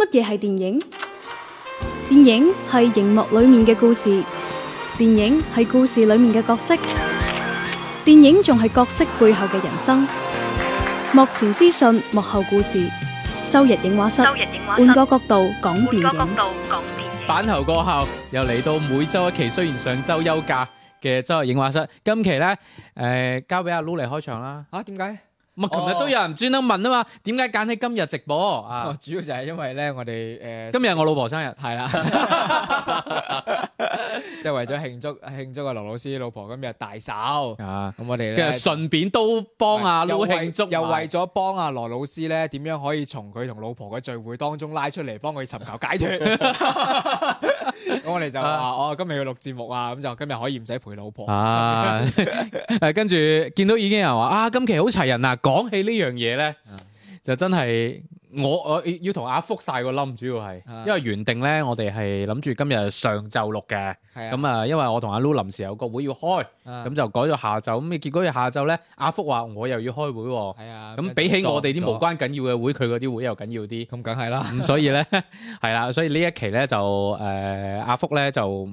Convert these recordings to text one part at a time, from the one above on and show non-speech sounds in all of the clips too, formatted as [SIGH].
乜嘢係電影？電影係熒幕裏面嘅故事，電影係故事裏面嘅角色，電影仲係角色背後嘅人生。幕前資訊，幕後故事。周日影畫室，換個角度講電影。版頭過後，又嚟到每周一期。雖然上周休假嘅周日影畫室，今期咧，誒，交俾阿 Lu 嚟開場啦。吓，點解？琴日都有人專登問啊嘛，點解揀起今日直播啊，哦？主要就係因為咧，我哋誒今日我老婆生日，係啦，即係 [LAUGHS] [LAUGHS] 為咗慶祝慶祝阿羅老師老婆今日大壽。啊，咁我哋咧順便都幫阿、啊，又慶祝又為咗幫阿羅老師咧點樣可以從佢同老婆嘅聚會當中拉出嚟，幫佢尋求解脫。 [LAUGHS] [LAUGHS] 咁我哋就話，我今日要錄節目啊，咁就今日可以唔使陪老婆。啊，跟住見到已經有人話，啊，今期好齊人啊！講起呢樣嘢咧。就真係我我要同阿福晒個冧，主要係因為原定咧，我哋係諗住今日上晝錄嘅，咁啊的，因為我同阿 Loo 臨時有個會要開，咁的就改咗下晝，咁結果下晝咧，阿福話我又要開會，咁的比起我哋啲無關緊要嘅會，佢嗰啲會又緊要啲，咁梗係啦，咁所以咧係啦，所以呢所以一期咧就誒、呃、阿福咧就。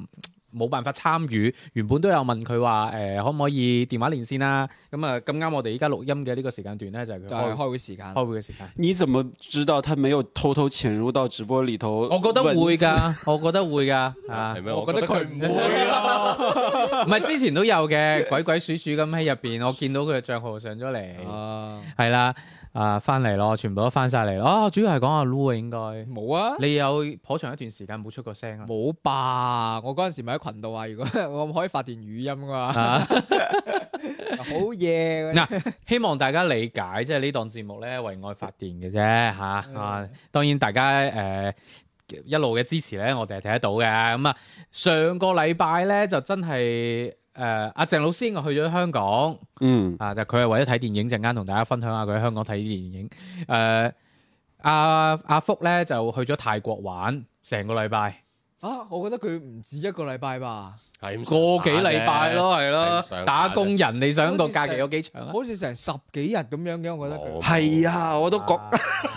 冇辦法參與，原本都有問佢話誒可唔可以電話連線啦、啊。咁啊咁啱，剛剛我哋依家錄音嘅呢個時間段咧，就係佢、開就開會時間，開會嘅時間。你怎麼知道他沒有偷偷潛入到直播裡頭我？我覺得會㗎、 [LAUGHS] 啊，我覺得會㗎，係 [LAUGHS] 咪？ [LAUGHS] 我覺得佢唔會。唔係之前都有嘅，鬼鬼祟祟咁喺入邊，我見到佢嘅賬號上咗嚟，係啦、啊。啊，翻嚟咯，全部都翻晒嚟咯。主要係講阿 Loo 啊，應該冇啊。你有頗長一段時間冇出過聲啊？冇吧？我嗰陣時咪喺群度啊，如果我可以發電語音嘅話，好嘢嗱。希望大家理解，即係呢檔節目咧，為愛發電嘅啫嚇。啊， [LAUGHS] 啊，當然大家誒、呃、一路嘅支持咧，我哋係睇得到嘅。咁啊，上個禮拜咧就真係～誒阿、呃、鄭老師我去咗香港，嗯啊，就佢係為咗睇電影，陣間同大家分享下佢喺香港睇啲電影。誒阿阿福呢就去咗泰國玩成個禮拜。啊，我覺得佢唔止一個禮拜吧，個幾禮拜咯，係咯，打工人你想個假期有幾長啊？好似成十幾日咁樣嘅，我覺得佢係啊，我都覺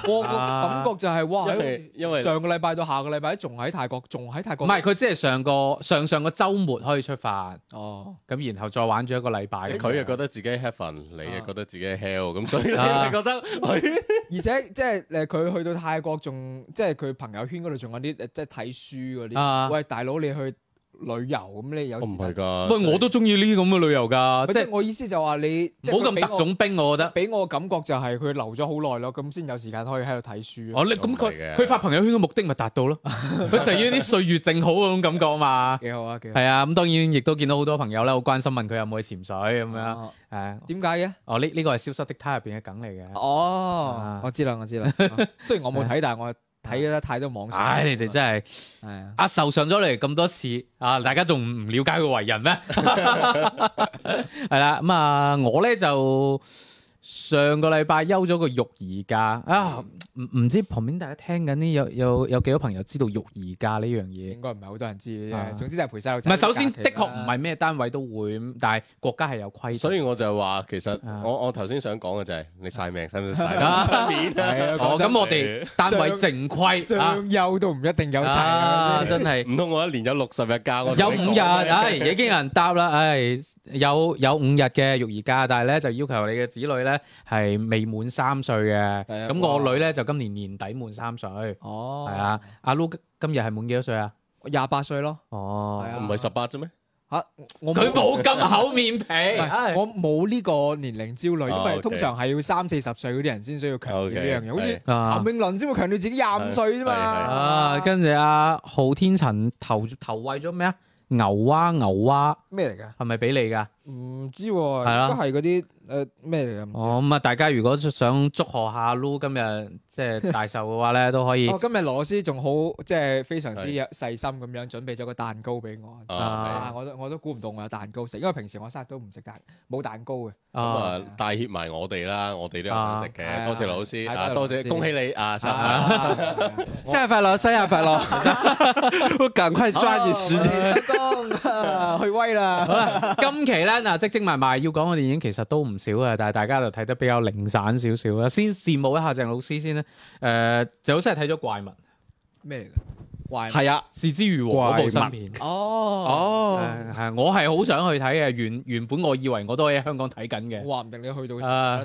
我個感覺就係哇，因為上個禮拜到下個禮拜仲喺泰國，仲喺泰國。唔係，佢即係上個上上個週末可以出發，哦，咁然後再玩咗一個禮拜。佢又覺得自己 heaven，你又覺得自己 hell，咁所以你覺得而且即係誒，佢去到泰國仲即係佢朋友圈嗰度仲有啲即係睇書啊！喂，大佬，你去旅遊咁，你有時間唔係噶？喂，我都中意呢啲咁嘅旅遊噶。即係我意思就話你，冇咁特種兵。我覺得俾我嘅感覺就係佢留咗好耐咯，咁先有時間可以喺度睇書。哦，你咁佢佢發朋友圈嘅目的咪達到咯？佢就要啲歲月正好嗰種感覺啊嘛。幾好啊！幾好。係啊，咁當然亦都見到好多朋友咧，好關心問佢有冇去潛水咁樣。誒，點解嘅？哦，呢呢個係《消失的他》入邊嘅梗嚟嘅。哦，我知啦，我知啦。雖然我冇睇，但係我。睇咗得太多網上，唉！你哋真係，啊、阿壽上咗嚟咁多次，啊！大家仲唔了解佢為人咩？係 [LAUGHS] 啦， [LAUGHS] [LAUGHS] 咁、嗯、啊，我咧就。上個禮拜休咗個育兒假啊，唔唔知旁邊大家聽緊呢，有有有幾多朋友知道育兒假呢樣嘢？應該唔係好多人知嘅。總之就係陪晒老。唔係，首先的確唔係咩單位都會，但係國家係有規。所以我就話，其實我我頭先想講嘅就係，你晒命使唔使啊？面咁我哋單位正規，雙休都唔一定有齊。真係，唔通我一年有六十日假？有五日，已經有人答啦，唉，有有五日嘅育兒假，但係咧就要求你嘅子女咧。咧係未滿三歲嘅，咁我女咧就今年年底滿三歲。哦，係啊，阿 Lo 今日係滿幾多歲啊？廿八歲咯。哦，係啊，唔係十八啫咩？吓，我佢冇咁厚面皮，我冇呢個年齡焦慮，因為通常係要三四十歲嗰啲人先需要強調呢樣嘢，好似譚詠麟先會強調自己廿五歲啫嘛。啊，跟住阿昊天陳投投餵咗咩啊？牛蛙，牛蛙咩嚟噶？係咪俾你噶？唔知，應該都係嗰啲。誒，咩嚟噶？哦，咁啊，大家如果想祝賀下 Lu 今日即係大壽嘅話咧，都可以。哦，今日羅老師仲好，即係非常之細心咁樣準備咗個蛋糕俾我。啊，我都我都估唔到我有蛋糕食，因為平時我生日都唔食蛋，冇蛋糕嘅。咁啊，帶協埋我哋啦，我哋都有食嘅。多謝羅老師，多謝恭喜你啊，生日快樂，生日快樂，我趕快抓住時間去威啦。好啦，今期咧嗱，積積埋埋要講嘅電影其實都唔。少啊，但係大家就睇得比較零散少少啊。先羨慕一下鄭老師先啦。誒、呃、就好似係睇咗怪物。咩嚟嘅？係啊，視之如王嗰部新片哦哦，係，我係好想去睇嘅，原原本我以為我都喺香港睇緊嘅，話唔定你去到時都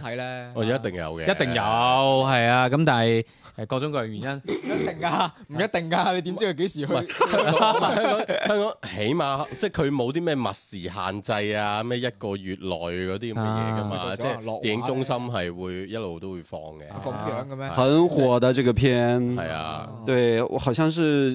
睇咧，我一定有嘅，一定有，係啊，咁但係係各種各樣原因，一定噶，唔一定噶，你點知佢幾時去？香港起碼即係佢冇啲咩密時限制啊，咩一個月內嗰啲咁嘅嘢噶嘛，即係電影中心係會一路都會放嘅。咁樣嘅咩？很火的這個片係，啊，對，我好像是。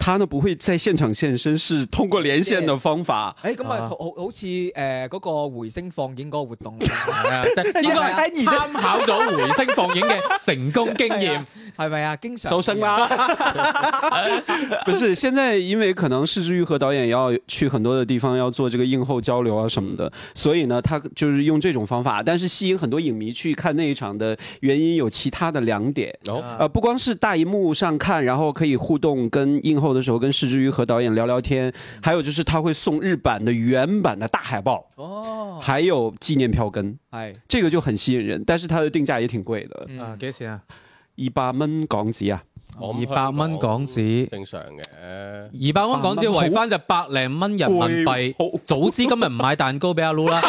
他呢不會在現場現身，是通過連線的方法。哎、欸，咁、欸、啊，好好似誒個回聲放映個活動，二 [LAUGHS] 參、啊就是啊、考咗回聲放映嘅成功經驗，係 [LAUGHS] 咪啊，啊，啊，啊？經常、啊、收聲啦、啊。 [LAUGHS] [LAUGHS] 不是，現在因為可能是枝裕和導演要去很多的地方，要做這個映後交流啊什麼的，所以呢，他就是用這種方法。但是吸引很多影迷去看那一場的原因有其他的兩點。哦、呃，不光是大熒幕上看，然後可以互動跟映後。的時候跟是枝裕和導演聊聊天，還有就是他會送日版的原版的大海報哦，還有紀念票根，哎，這個就很吸引人，但是它的定價也挺貴的。啊，幾錢啊？二百蚊港紙啊，二百蚊港紙，正常嘅。二百蚊港紙圍翻就百零蚊人民幣。早知今日唔買蛋糕俾阿盧啦。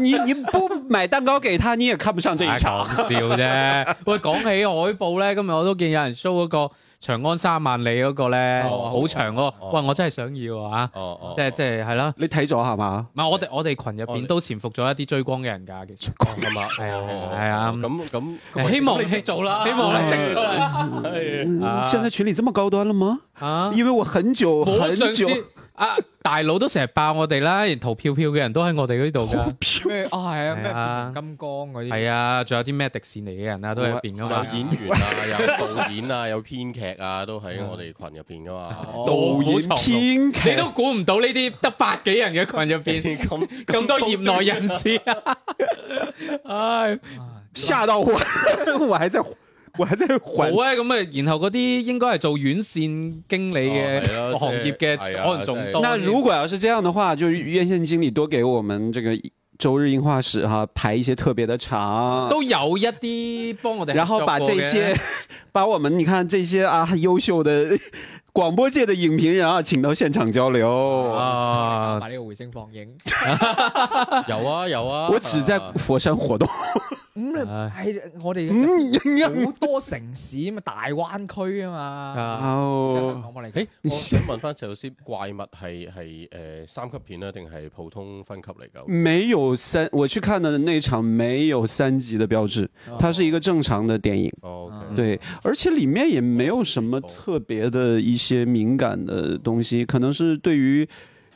你你不買蛋糕給他，你也看不上這一場。講笑啫。喂，講起海報咧，今日我都見有人 show 一個。長安三萬里嗰個咧，好長喎，喂，我真係想要啊，即係即係係咯，你睇咗係嘛？唔係我哋我哋群入邊都潛伏咗一啲追光嘅人噶，追光噶嘛，係啊，咁咁希望你識做啦，希望你識做。真係現在群裏咁高端啦嘛？啊，因為我很久很久。啊！大佬都成日爆我哋啦，連淘票票嘅人都喺我哋嗰度噶。票啊，係啊，金剛嗰啲係啊，仲、啊、有啲咩迪士尼嘅人啊，都喺入邊噶。有演員啊， [LAUGHS] 有導演啊，有編劇啊，都喺我哋群入邊噶嘛。 [LAUGHS] 哦、導演編劇，你都估唔到呢啲得百幾人嘅群入邊咁咁多業內人士啊！唉、 [LAUGHS] 哎，嚇到我，我真係。好啊，咁啊，然後嗰啲應該係做院線經理嘅行業嘅可能仲多。那如果要是這樣的話，就院線經理多給我們這個周日映畫室哈排一些特別的場。都有一啲幫我哋。然後把這些，把我們，你看這些啊優秀的廣播界的影評人啊，請到現場交流啊，把呢個回聲放映。有啊有啊，我只在佛山活動。咁係我哋好多城市啊嘛，大灣區啊嘛。好，我冇理。誒，我想問翻陳老師，怪物係係誒三級片啊，定係普通分級嚟㗎？沒有三，我去看的那場沒有三級的標誌，它是一個正常的電影。OK，對，而且裡面也沒有什麼特別的一些敏感的東西，可能是對於。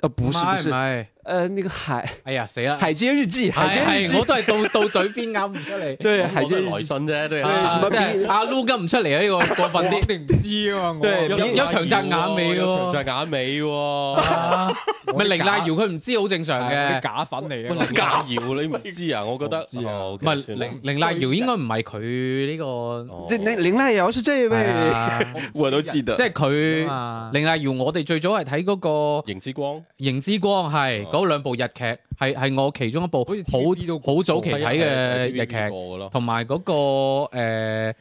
啊，不是，不是。誒，呢個係，哎呀死啦，係知好似知，係係我都係到到嘴邊咬唔出嚟，對係知來信啫，對啊，阿 Lu 跟唔出嚟呢個過分啲，一定唔知啊嘛，對，有有長澤雅美咯，長澤雅美，唔係綾瀨遙佢唔知好正常嘅，假粉嚟嘅，假瑤你唔知啊？我覺得唔係綾綾瀨遙應該唔係佢呢個，即係綾綾瀨遙是這位，我都知得，即係佢綾瀨遙，我哋最早係睇嗰個螢之光，螢之光係。嗰兩部日劇係，係我其中一部好好早期睇嘅日劇，同埋嗰個、誒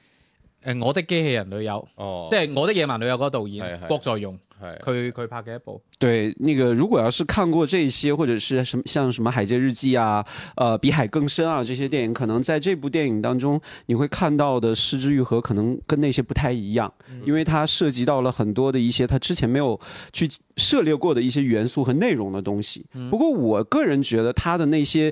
我的機器人女友，哦、即係我的野蠻女友嗰個導演郭在容，佢佢對他拍嘅一部。對，那個如果要是看過這些，或者是什麼像什麼《海街日記》啊、呃《比海更深》啊這些電影，可能在這部電影當中，你會看到的是枝裕和可能跟那些不太一樣，因為它涉及到了很多的一些他之前沒有去涉獵過的一些元素和內容的東西。不過，我個人覺得他的那些。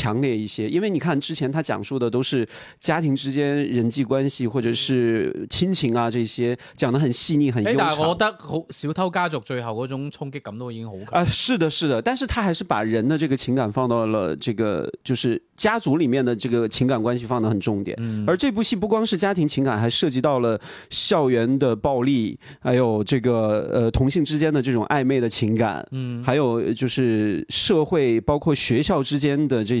強烈一些，因為你看之前他講述的都是家庭之間人際關係或者是親情啊，這些講的很細膩，很。我覺得好，小偷家族最後那種衝擊感都已經好強啊，是的，是的，但是他還是把人的這個情感放到了這個，就是家族裏面的這個情感關係放的很重點。而這部戲不光是家庭情感，還涉及到了校園的暴力，還有這個，呃，同性之間的這種曖昧的情感，嗯，還有就是社會包括學校之間的這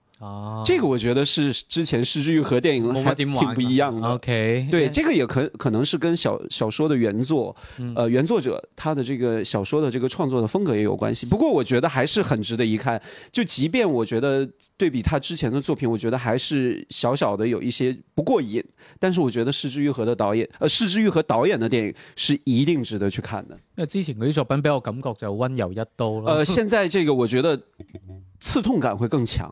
哦，啊、這個我覺得是之前《是枝裕和》電影，還挺不一樣的。OK，對，這個也可可能是跟小小說的原作，嗯、呃，原作者他的這個小說的這個創作的風格也有關係。不過我覺得還是很值得一看。就即便我覺得對比他之前的作品，我覺得還是小小的有一些不過癮。但是我覺得《是枝裕和》的導演，呃，《是枝裕和》導演的電影是一定值得去看的。那、嗯、之前嗰啲作品俾我感覺就温柔一刀咯。呃，現在這個我覺得刺痛感會更強。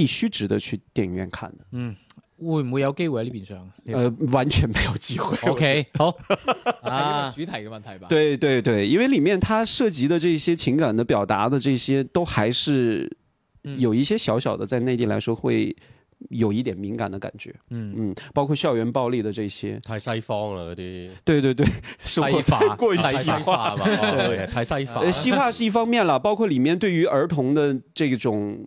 必須值得去電影院看的。嗯，會唔會有機會喺呢邊上？呃，完全沒有機會。OK，好啊， [LAUGHS] 主題嘅問題吧。對對對，因為裏面它涉及的這些情感的表達的這些，都還是有一些小小的，在內地來說會有一點敏感的感覺。嗯嗯，包括校園暴力的這些，太西方了嗰啲。對對對，西化，太西化係嘛？對，太西化。呃， [LAUGHS] 西化是一方面啦，包括裏面對於兒童的這種。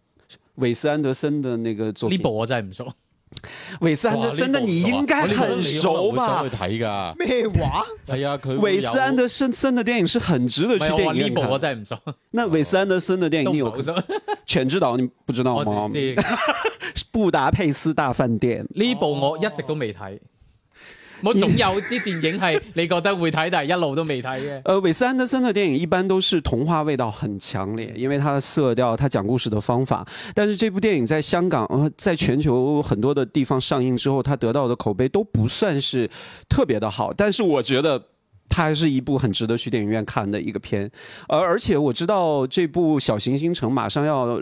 韋斯安德森的那個作品呢部我真係唔熟，韋斯安德森的你應該很熟吧？咩話？係啊，韋斯安德森森的電影是很值得去電影院。呢部我真係唔熟，那韋斯安德森的電影你有？不 [LAUGHS] 全知道你不知道嗎？道 [LAUGHS] 布達佩斯大飯店呢部我一直都未睇。哦我總有啲電影係你覺得會睇，但係 [LAUGHS] 一路都未睇嘅。誒，韋斯安德森嘅電影一般都是童話味道很強烈，因為它的色調，它講故事的方法。但是這部電影在香港，誒、呃，在全球很多的地方上映之後，它得到嘅口碑都不算是特別的好。但是我覺得，它還是一部很值得去電影院看嘅一個片。而、呃、而且我知道，這部《小行星城》馬上要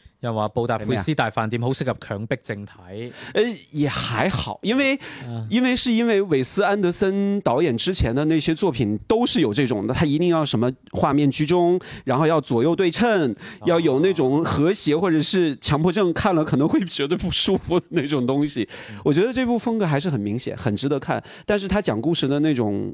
又話布達佩斯大飯店好適合強迫症睇，誒也還好，因為因為是因為韋斯安德森導演之前的那些作品都是有這種的，他一定要什麼畫面居中，然後要左右對稱，要有那種和諧或者是強迫症看了可能會覺得不舒服那種東西。我覺得這部風格還是很明顯，很值得看，但是他講故事的那種。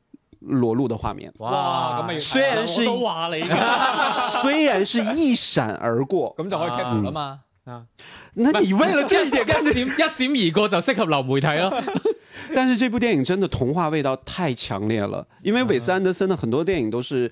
裸露的畫面，哇！雖然是雖然是一閃而過，咁就可以 cap 住啦嘛。啊，嗯、啊那你為了這一點，乾脆點一閃而過就適合流媒體咯？ [LAUGHS] 但是這部電影真的童話味道太強烈了，因為韋斯安德森的很多電影都是。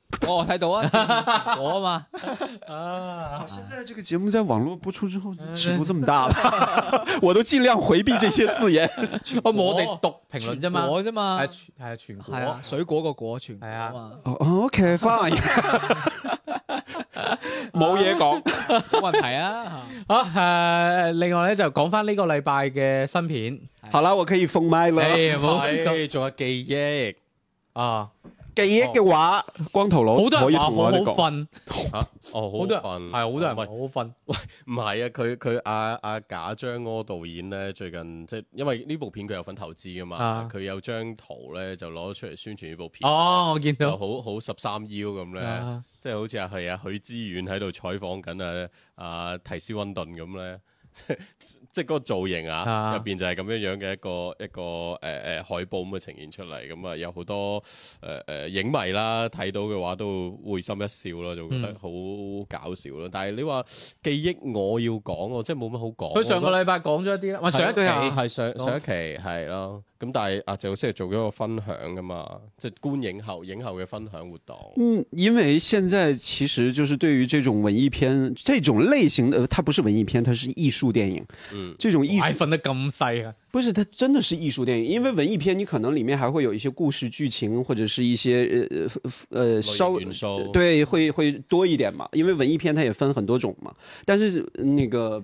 哦，睇到啊，我啊嘛？啊，好！現在這個節目在網絡播出之後，尺度這麼大啦，我都盡量回避這些字眼。我我哋讀評論啫嘛，果啫嘛，係係全果，係啊，水果個果，全果啊。OK，翻嚟，冇嘢講，冇問題啊。好誒，另外咧就講翻呢個禮拜嘅新片。好啦，我可以封麥啦。誒，我哋做下記憶啊。記憶嘅話，哦、光頭佬好多人話好好瞓，吓、啊、哦，好，好，好多人係好多人好瞓。喂，唔係啊，佢佢阿阿賈樟柯導演咧，最近即係因為呢部片佢有份投資噶嘛，佢、啊、有張圖咧就攞出嚟宣傳呢部片。哦、啊，我見到好好，好十三邀咁咧，啊、即係好似係啊許知遠喺度採訪緊啊啊提斯温頓咁咧。即即嗰個造型啊，入邊就係咁樣樣嘅一個一個誒誒、呃呃、海報咁啊呈現出嚟，咁啊有好多誒誒、呃呃、影迷啦睇到嘅話都會心一笑咯，就覺得好搞笑咯。但係你話記憶，我要講喎，即係冇乜好講。佢上個禮拜講咗一啲啦，我上一對啊，係上上一期係咯。上咁但係阿謝老師係做咗個分享噶嘛，即係觀影後影後嘅分享活動。嗯，因為現在其實就是對於這種文藝片這種類型的，它不是文藝片，它是藝術電影。嗯，這種藝術。還分得咁細啊！不是，它真的是藝術電影，因為文藝片你可能裏面還會有一些故事劇情或者是一些，呃，呃，稍微對會會多一點嘛，因為文藝片它也分很多種嘛。但是那個。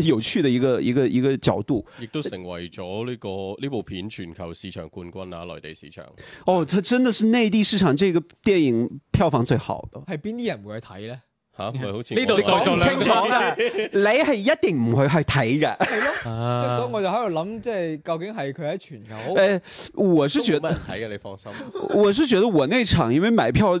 有趣的一個一個一個角度，亦都成為咗呢、這個呢部片全球市場冠軍啊！內地市場哦，它真的是內地市場這個電影票房最好的。係邊啲人會去睇咧？吓唔係好似呢度你再做清楚啦，你係一定唔會去睇嘅。即所以我就喺度諗，即係究竟係佢喺全球誒、呃，我是覺得睇嘅，你放心，我是覺得我那場因為買票。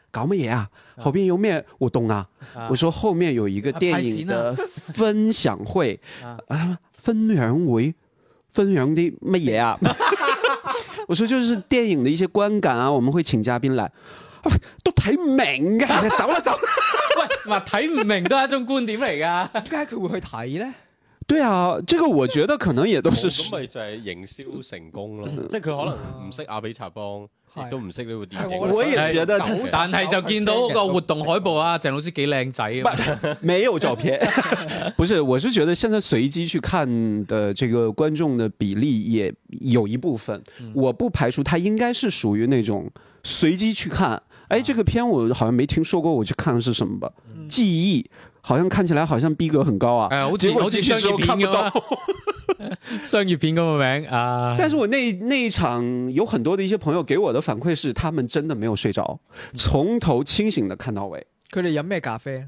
搞乜嘢啊？後邊有咩活動啊。啊我說後面有一個電影嘅分享會，啊，啊，啊，分享會分享啲乜嘢啊？ [LAUGHS] 我說就是電影的一些觀感啊。我們會請嘉賓來，啊、都睇唔明噶、啊，走啦、啊、走、啊。 [LAUGHS] 喂，唔睇唔明都係一種觀點嚟噶。點解佢會去睇咧？對啊，這個我覺得可能也都是咁咪、哦、就係營銷成功咯。嗯嗯、即係佢可能唔識阿比察邦。嗯都唔識呢部電影，我的我也覺得，的但係就見到個活動海報啊，鄭、呃、老師幾靚仔啊！不 [LAUGHS] 沒有照片， [LAUGHS] 不是，我是覺得現在隨機去看的這個觀眾的比例也有一部分，嗯、我不排除他應該是屬於那種隨機去看，哎，這個片我好像沒聽說過，我去看的是什麼吧，嗯、記憶。好像看起來好像逼格很高啊！哎、呃，好幾好幾商業片咁到 [LAUGHS] 商業片咁嘅名啊。但是我那那一場有很多的一些朋友給我的反饋是，他們真的沒有睡着，從、嗯、頭清醒的看到尾。佢哋飲咩咖啡？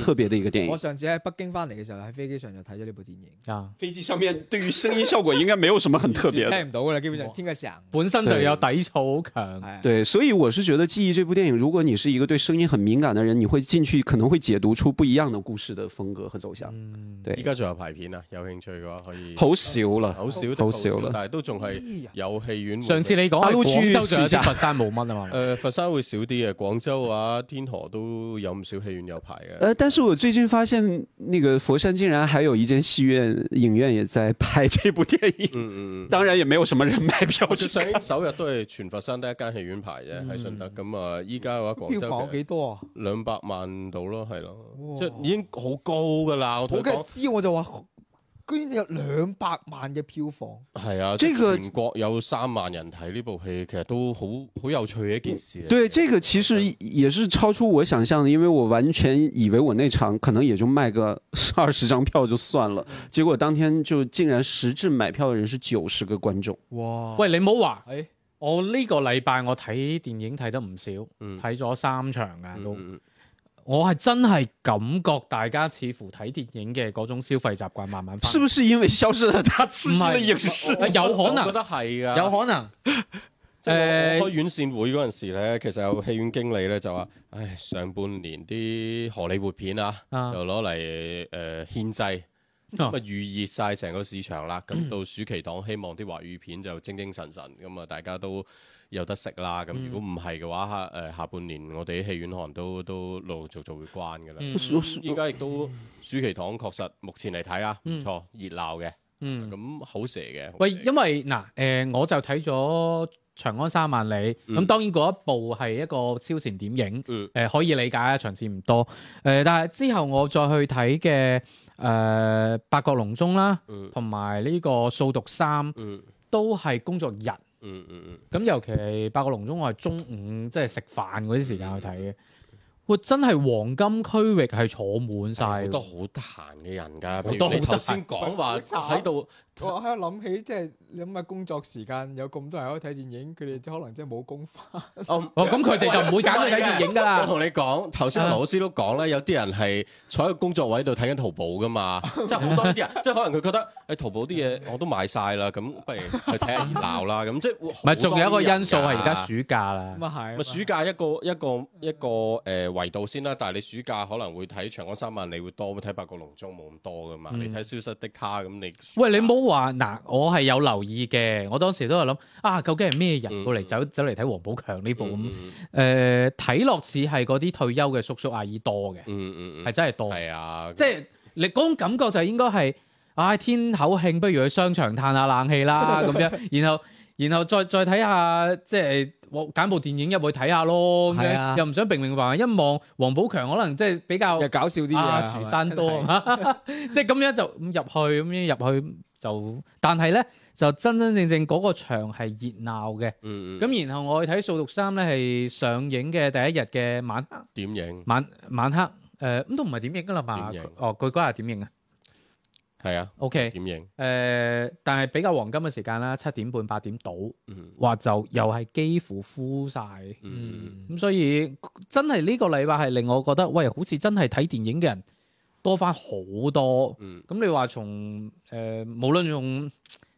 特別的一個電影。我上次喺北京翻嚟嘅時候，喺飛機上就睇咗呢部電影。啊！飛機上面對於聲音效果應該沒有什麼很特別。聽唔到噶啦，基本上聽個響。本身就有底噪強。對，所以我是覺得《記憶》這部電影，如果你是一個對聲音很敏感的人，你會進去可能會解讀出不一樣的故事的風格和走向。對，而家仲有排片啊？有興趣嘅話可以。好少啦，好少，好少啦。但係都仲係有戲院。上次你講廣州就係佛山冇乜啊嘛？誒，佛山會少啲嘅。廣州啊、天河都有唔少戲院有排嘅。但是我最近發現，那個佛山竟然還有一間戲院影院也在拍這部電影。嗯，嗯當然也沒有什麼人買票去睇。首日都係全佛山一、嗯、得、嗯、一間戲院排嘅喺順德。咁啊哇，依家嘅話，廣州票房幾多啊？兩百萬到咯，係咯，即已經好高噶啦。我梗知，我就話。居然有兩百萬嘅票房，係啊！這個、全國有三萬人睇呢部戲，其實都好好有趣嘅一件事。對，這個其實也是超出我想象，因為我完全以為我那場可能也就賣個二十張票就算了，結果當天就竟然實質買票嘅人是九十個觀眾。哇！喂，你唔好話，欸、我呢個禮拜我睇電影睇得唔少，睇咗、嗯、三場嘅都。嗯我係真係感覺大家似乎睇電影嘅嗰種消費習慣慢慢，是不是因為消失咗特製嘅影視？有可能，我覺得係啊，有可能、啊。誒，啊、 [LAUGHS] 開院線會嗰陣時咧，其實有戲院經理咧就話，唉，上半年啲荷里活片啊，就攞嚟，誒牽制，咁啊預熱晒成個市場啦。咁、啊、到暑期檔，希望啲華語片就精精神神，咁啊，大家都。有得食啦，咁如果唔係嘅話，誒下半年我哋啲戲院可能都都陸陸續續會關嘅啦。依家亦都暑期、嗯、檔確實目前嚟睇啊，唔錯、嗯、熱鬧嘅，咁、嗯嗯、好蛇嘅。喂，因為嗱誒、呃，我就睇咗《長安三萬里》嗯，咁當然嗰一部係一個超前點映，誒、嗯呃、可以理解啊場次唔多。誒、呃，但係之後我再去睇嘅誒《八角籠中》啦，同埋呢個《掃毒三》都係工作日、嗯。嗯嗯嗯嗯，咁、嗯、尤其係八角籠中，我係中午即係食飯嗰啲時間去睇嘅，我、嗯、真係黃金區域係坐滿曬，好多都好得閒嘅人㗎。你頭先講話喺度。我喺度諗起，即係諗下工作時間有咁多人可以睇電影，佢哋即係可能即係冇工返。哦，咁佢哋就唔會揀去睇電影㗎啦。我同你講，頭先羅老師都講咧，有啲人係坐喺個工作位度睇緊淘寶㗎嘛，即係好多呢啲人，即係可能佢覺得誒淘寶啲嘢我都買曬啦，咁不如去睇下熱鬧啦。咁即係唔係仲有一個因素係而家暑假啦？咁啊係，咪暑假一個一個一個誒維度先啦。但係你暑假可能會睇《長安三萬里》會多，會睇《八角籠中》冇咁多㗎嘛。你睇《消失的她》咁你喂你冇。話嗱，我係有留意嘅，我當時都係諗啊，究竟係咩人過嚟走、嗯、走嚟睇王寶強呢部咁？誒、嗯，睇落似係嗰啲退休嘅叔叔阿姨多嘅，係、嗯嗯、真係多。係啊，即係你嗰種感覺就應該係，唉、啊，天口慶不如去商場嘆下冷氣啦咁樣，然後然後再再睇下，即係揀部電影入去睇下咯。 [LAUGHS] 又唔想明明話一望王寶強可能即係比較搞笑啲阿啊，樹山多，即係咁樣就咁入去咁樣入去。就，但係咧就真真正正嗰個場係熱鬧嘅。嗯咁、嗯、然後我去睇《掃毒三》咧，係上映嘅第一日嘅晚點映晚晚黑。誒，咁都唔係點映噶啦嘛。哦，佢嗰日係點映啊？係啊。O K。點映？誒，但係比較黃金嘅時間啦，七點半八點到，話就又係幾乎敷晒。嗯，嗯。咁、嗯、所以真係呢個禮拜係令我覺得，喂，好似真係睇電影嘅人。多翻好多，咁你話從誒、呃、無論從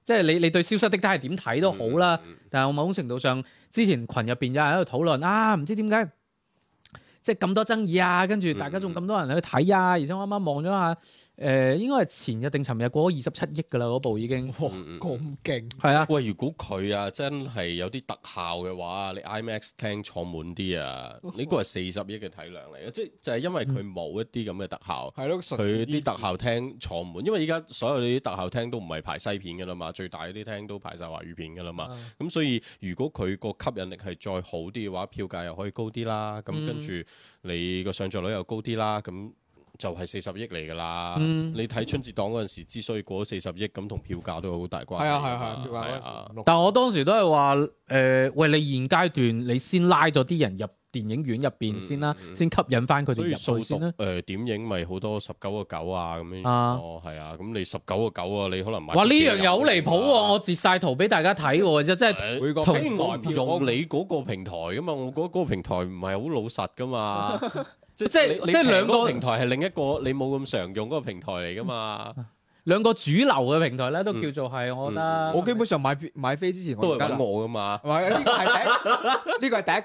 即係你你對消失的她係點睇都好啦，嗯嗯、但係某種程度上，之前群入邊有人喺度討論啊，唔知點解即係咁多爭議啊，跟住大家仲咁多人去睇啊，而且我啱啱望咗下。誒、呃、應該係前日定尋日過咗二十七億㗎啦，嗰部已經。咁勁、哦！係啊。喂，如果佢啊真係有啲特效嘅話，你 IMAX 廳坐滿啲啊，呢個係四十億嘅體量嚟嘅，即係就係因為佢冇一啲咁嘅特效。係咯、嗯，佢啲特效廳坐滿，因為依家所有啲特效廳都唔係排西片㗎啦嘛，最大啲廳都排晒華語片㗎啦嘛。咁、啊、所以如果佢個吸引力係再好啲嘅話，票價又可以高啲啦，咁跟住你個上座率又高啲啦，咁、嗯。嗯就係四十億嚟噶啦，你睇春節檔嗰陣時，之所以過咗四十億咁，同票價都有好大關係。係啊係係，但係我當時都係話誒，喂你現階段你先拉咗啲人入電影院入邊先啦，先吸引翻佢哋入到先啦。誒點影咪好多十九個九啊咁樣，哦係啊，咁你十九個九啊，你可能買。哇呢樣又好離譜喎，我截晒圖俾大家睇喎，即係每個平台，你嗰個平台噶嘛，我覺得嗰個平台唔係好老實噶嘛。即即即兩個平台，係另一個你冇咁常用嗰個平台嚟㗎嘛。兩個主流嘅平台咧，都叫做係我覺得，我基本上買票買飛之前，我都跟我噶嘛。呢個係第呢個係第一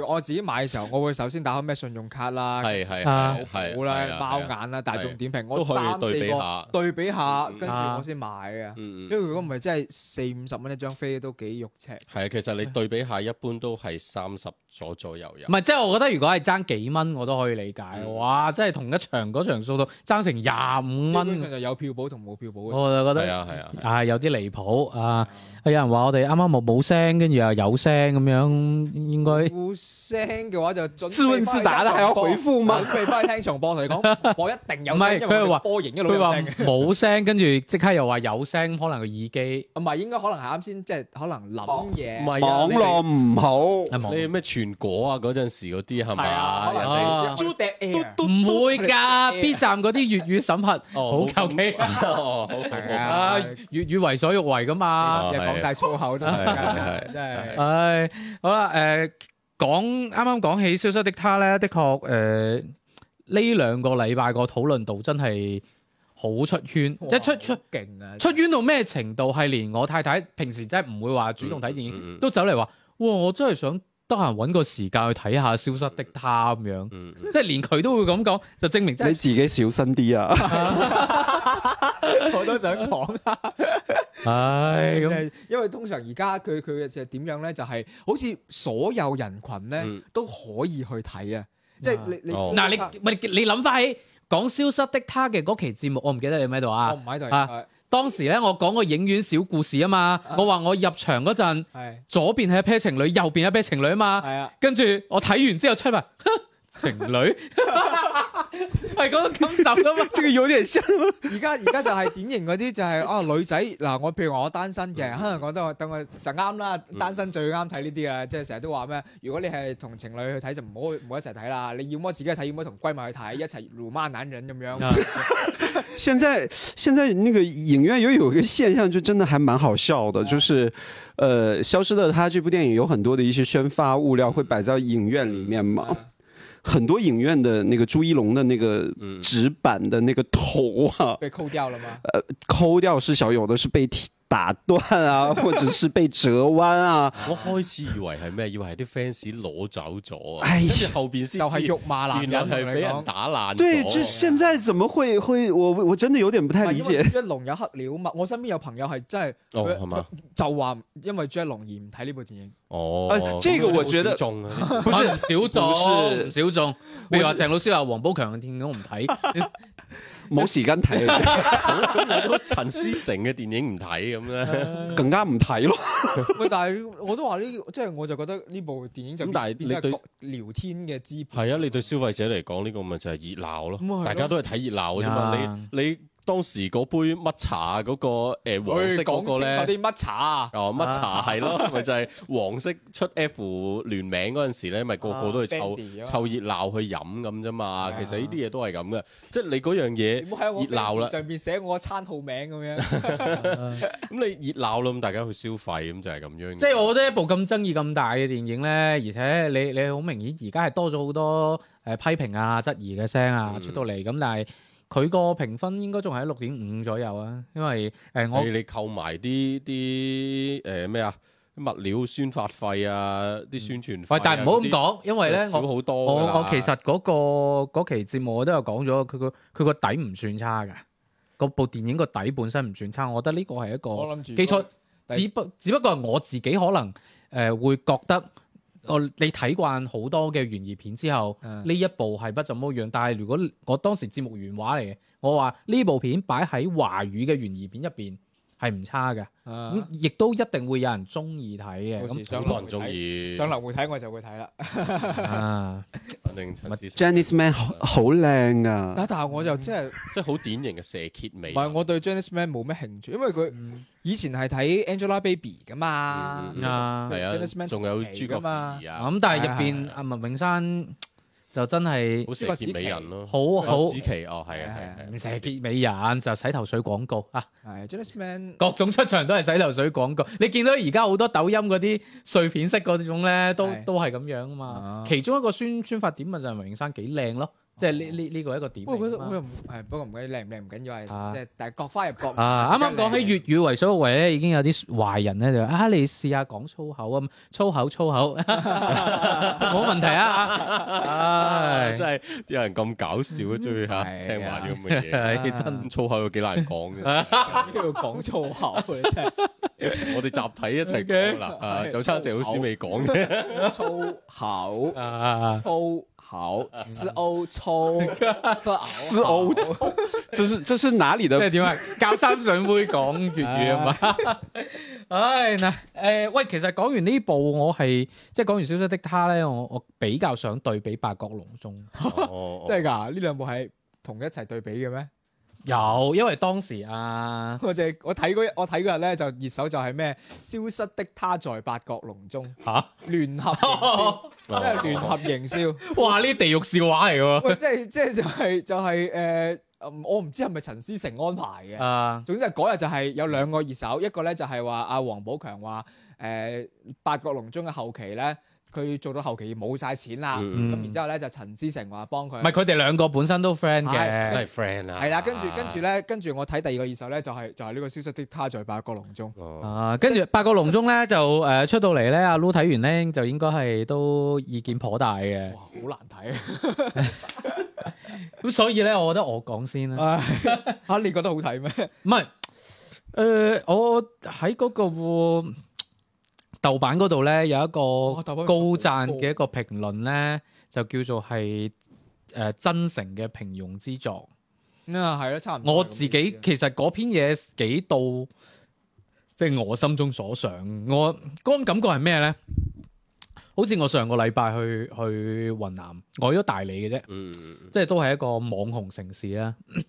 個。我自己買嘅時候，我會首先打開咩信用卡啦，係係係，好股啦、包眼啦、大眾點評，我三四個對比下，跟住我先買嘅。因為如果唔係，真係四五十蚊一張飛都幾肉赤。係啊，其實你對比下，一般都係三十左左右入。唔係，即係我覺得，如果係爭幾蚊，我都可以理解。哇，即係同一場嗰場 show 都爭成廿五蚊。就有票。保同冇票保嘅，我就覺得係啊係啊，啊有啲離譜啊！有人話我哋啱啱冇聲，跟住又有聲咁樣，應該冇聲嘅話就準。試打啦，係我回呼嘛，準備翻去聽重播同你講，我一定有聲。唔係佢話波形嘅老人聲，冇聲跟住即刻又話有聲，可能個耳機。唔係應該可能係啱先，即係可能諗嘢，網絡唔好。你咩全果啊？嗰陣時嗰啲係咪？啊，唔會㗎，B 站嗰啲粵語審核好求其。哦，係啊！粵語為所欲為噶嘛，講大粗口啦，真係。唉，好啦，誒，講啱啱講起《消失的他》咧，的確誒，呢兩個禮拜個討論度真係好出圈，一出出勁啊！出圈到咩程度？係連我太太平時真係唔會話主動睇電影，都走嚟話：，哇，我真係想得閒搵個時間去睇下《消失的他》咁樣。嗯，即係連佢都會咁講，就證明。你自己小心啲啊！ [LAUGHS] 我都也想講啊，係咁，因為通常而家佢佢嘅點樣咧，就係、是、好似所有人群咧、嗯、都可以去睇啊，嗯、即係你、嗯、你嗱、嗯、你你諗翻起講消失的他嘅嗰期節目，我唔記得你喺度啊，我唔喺度啊，當時咧我講個影院小故事啊嘛，啊我話我入場嗰陣，係的左邊係一 pair 情侶，右邊一 pair 情侶啊嘛，係啊的，跟住我睇完之後出嚟，情侶係講 [LAUGHS] 感受噶嘛？即係有啲人而家而家就係典型嗰啲就係、是、 [LAUGHS] 啊女仔嗱、啊，我譬如我單身嘅，可能講得我等我就啱啦，嗯、單身最啱睇呢啲啊！即係成日都話咩？如果你係同情侶去睇就唔好唔好一齊睇啦，你要麼自己睇，要麼同閨蜜去睇，一齊辱罵男人咁樣。嗯、 [LAUGHS] 現在現在那個影院又有，有一個現象，就真的還蠻好笑的，嗯、就是，誒、呃，消失的他這部電影有很多的一些宣發物料會擺在影院裏面嘛？嗯嗯嗯嗯很多影院的那個朱一龍的那個紙板的那個頭啊、嗯， [LAUGHS] 被摳掉了嗎？ [LAUGHS] 呃，摳掉是小，有的是被打斷啊，或者是被折彎啊！我開始以為係咩？以為係啲 fans 攞走咗啊！跟住後邊先又係辱罵啦，原來係俾人打爛咗。對，就現在，怎麼會會我我真的有點唔太理解。朱一龍有黑料嘛？我身邊有朋友係真係，就話因為朱一龍而唔睇呢部電影。哦，啊，這個我覺得不是小眾，小眾。譬如話鄭老師話王寶強嘅電影我唔睇。冇時間睇，陳 [LAUGHS] [LAUGHS] 思成嘅電影唔睇咁咧，更加唔睇咯。喂、嗯， [LAUGHS] 但係我都話呢，即係我就覺得呢部電影就咁，但係你對聊天嘅支配？係啊，你對消費者嚟講呢個咪就係熱鬧咯，嗯、大家都係睇熱鬧嘅啫嘛，你你。當時嗰杯乜茶嗰個誒黃色嗰個咧，嗰啲乜茶啊，乜茶係咯，咪就係黃色出 F 聯名嗰陣時咧，咪個個都係湊湊熱鬧去飲咁啫嘛。其實呢啲嘢都係咁嘅，即係你嗰樣嘢喺熱鬧啦，上面寫我餐號名咁樣，咁你熱鬧啦，咁大家去消費咁就係咁樣。即係我覺得一部咁爭議咁大嘅電影咧，而且你你好明顯而家係多咗好多誒批評啊、質疑嘅聲啊出到嚟咁，但係。佢個評分應該仲係喺六點五左右啊，因為誒我、欸、你你扣埋啲啲誒咩啊物料宣發費啊啲宣傳費、啊嗯，但唔好咁講，些因為咧少好多，我我，我其實嗰、那個、期節目我都有講咗佢個佢個底唔算差嘅，部電影個底本身唔算差，我覺得呢個係一個基礎，只不只不過係我自己可能誒、呃、會覺得。我、哦、你睇慣好多嘅懸疑片之後，呢、嗯、一部係不怎麼樣。但係如果我當時節目原話嚟嘅，我話呢部片擺喺華語嘅懸疑片入面。係唔差嘅，咁亦都一定會有人中意睇嘅。咁好多人中意上樓會睇，我就會睇啦。啊，反正 Janice Man 好靚啊！啊，但係我就即係即係好典型嘅蛇蠍美。唔係，我對 Janice Man 冇咩興趣，因為佢以前係睇 Angelababy 噶嘛，啊，係啊，仲有朱國治啊。咁但係入邊阿文詠珊。就真係好識結美人咯，好好，子琪哦，係啊係啊，唔成結美人就洗頭水廣告啊，係的，各種出場都係洗頭水廣告，你見到而家好多抖音嗰啲碎片式嗰種咧，都的都係咁樣啊嘛，的其中一個宣宣發點咪就係吳彥珊幾靚咯。即係呢呢呢個一個點嚟？不過唔緊要靚唔靚唔緊要，係即係但係割花又割。啱啱講起粵語為所欲為咧，已經有啲壞人咧就啊，你試下講粗口啊！粗口粗口，冇問題啊！真係啲人咁搞笑啊！鍾意聽埋啲咁嘅嘢，真粗口又幾難講嘅。要講粗口，我哋集體一齊講啦！就差隻老鼠未講啫。粗口，粗。好是歐聰、嗯、是歐聰就是 [LAUGHS] 這是哪裡的？即係點啊？教三上會講粵語啊嘛？唉嗱、 [LAUGHS] [LAUGHS] 哎，誒、呃、喂，其實講完呢部，我係即係講完《消失的他》咧，我我比較想對比《八角籠中》哦，真係噶？呢兩 [LAUGHS] 部係同一齊對比嘅咩？有，因為當時啊，我借我睇嗰日，我睇嗰日咧就熱搜就係咩，消失的他在八角籠中吓，聯、啊、合真係聯合營銷， [LAUGHS] 哇呢地獄笑話嚟嘅喎，即係即係就係、是、就係、是、誒、就是就是呃，我唔知係咪陳思誠安排嘅，啊、總之係嗰日就係有兩個熱搜，一個咧就係話阿王寶強話誒八角籠中嘅後期咧。佢做到後期冇晒錢啦，咁、嗯、然之後咧就陳思誠話幫佢。唔係佢哋兩個本身都 friend 嘅，friend 啊，係啦。跟住跟住咧，跟住我睇第二個二手咧，就係就係呢個消失的他在八角籠中。啊，跟住八角籠中咧就誒、嗯就呃、出到嚟咧，阿 Loo 睇完咧就應該係都意見頗大嘅。哇，好難睇啊！咁 [LAUGHS] [LAUGHS] 所以咧，我覺得我講先啦。嚇，你覺得好睇咩？唔係， [LAUGHS] 誒、呃，我喺嗰個。豆瓣嗰度咧有一個高讚嘅一個評論咧，哦、就叫做係誒、呃、真誠嘅平庸之作啊，係咯、嗯，差唔多。我自己、嗯、其實嗰篇嘢，幾到即係我心中所想，我嗰種、那個、感覺係咩咧？好似我上個禮拜去去雲南，我去咗大理嘅啫，嗯、即係都係一個網紅城市啦。誒、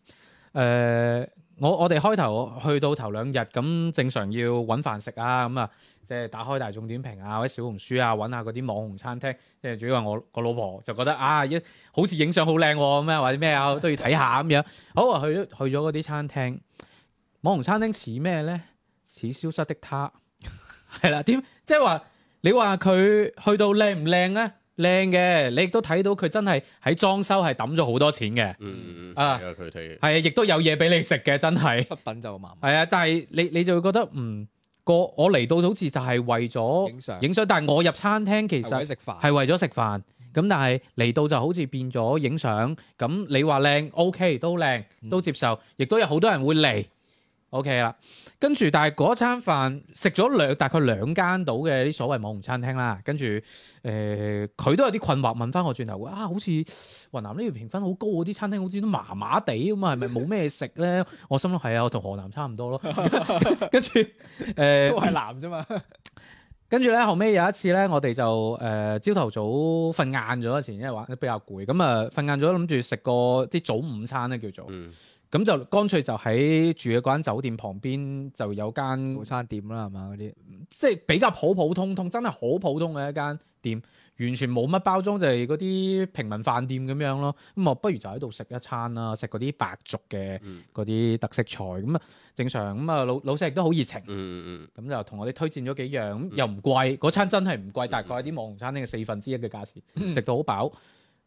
呃，我我哋開頭去到頭兩日咁，正常要搵飯食啊，咁啊。即係打開大眾點評啊，或者小紅書啊，揾下嗰啲網紅餐廳。即係主要話我個老婆就覺得啊，一好似影相好靚咁咩，或者咩啊都要睇下咁樣。好啊，去咗去咗嗰啲餐廳，網紅餐廳似咩咧？似消失的她。係啦、啊。點即係話你話佢去到靚唔靚咧？靚嘅，你亦都睇到佢真係喺裝修係揼咗好多錢嘅、嗯。嗯嗯嗯。啊，係啊，亦都們有嘢俾你食嘅，真係。出品就麻麻。係啊，但係你你就會覺得嗯。個我嚟到好似就係為咗影相，但係我入餐廳其實係為咗食飯。咁但係嚟到就好似變咗影相。咁你話靚 OK，都靚都接受，亦都有好多人會嚟 OK 啦。跟住，但係嗰一餐飯食咗兩大概兩間到嘅啲所謂網紅餐廳啦。跟住，誒佢都有啲困惑，問翻我轉頭，哇！好似雲南呢邊評分好高嗰啲餐廳，好似、呃、都麻麻地咁啊，係咪冇咩食咧？我心諗係啊，我同河南差唔多咯。嗯、 [LAUGHS] 跟住，誒、呃、 [LAUGHS] 都係南啫嘛。跟住咧，後尾有一次咧，我哋就誒朝頭早瞓晏咗前，因為玩得比較攰，咁啊瞓晏咗，諗住食個啲早午餐咧叫做。 [LAUGHS] 叫做咁就乾脆就喺住嘅嗰間酒店旁邊就有間午餐店啦，係嘛啲，即係比較普普通通，真係好普通嘅一間店，完全冇乜包裝，就係嗰啲平民飯店咁樣咯。咁我不如就喺度食一餐啦，食嗰啲白族嘅嗰啲特色菜。咁啊正常，咁啊老老細亦都好熱情。咁、嗯嗯嗯、就同我哋推薦咗幾樣，又唔貴，嗰餐真係唔貴，大概啲網紅餐廳嘅四分之一嘅價錢，食到好飽。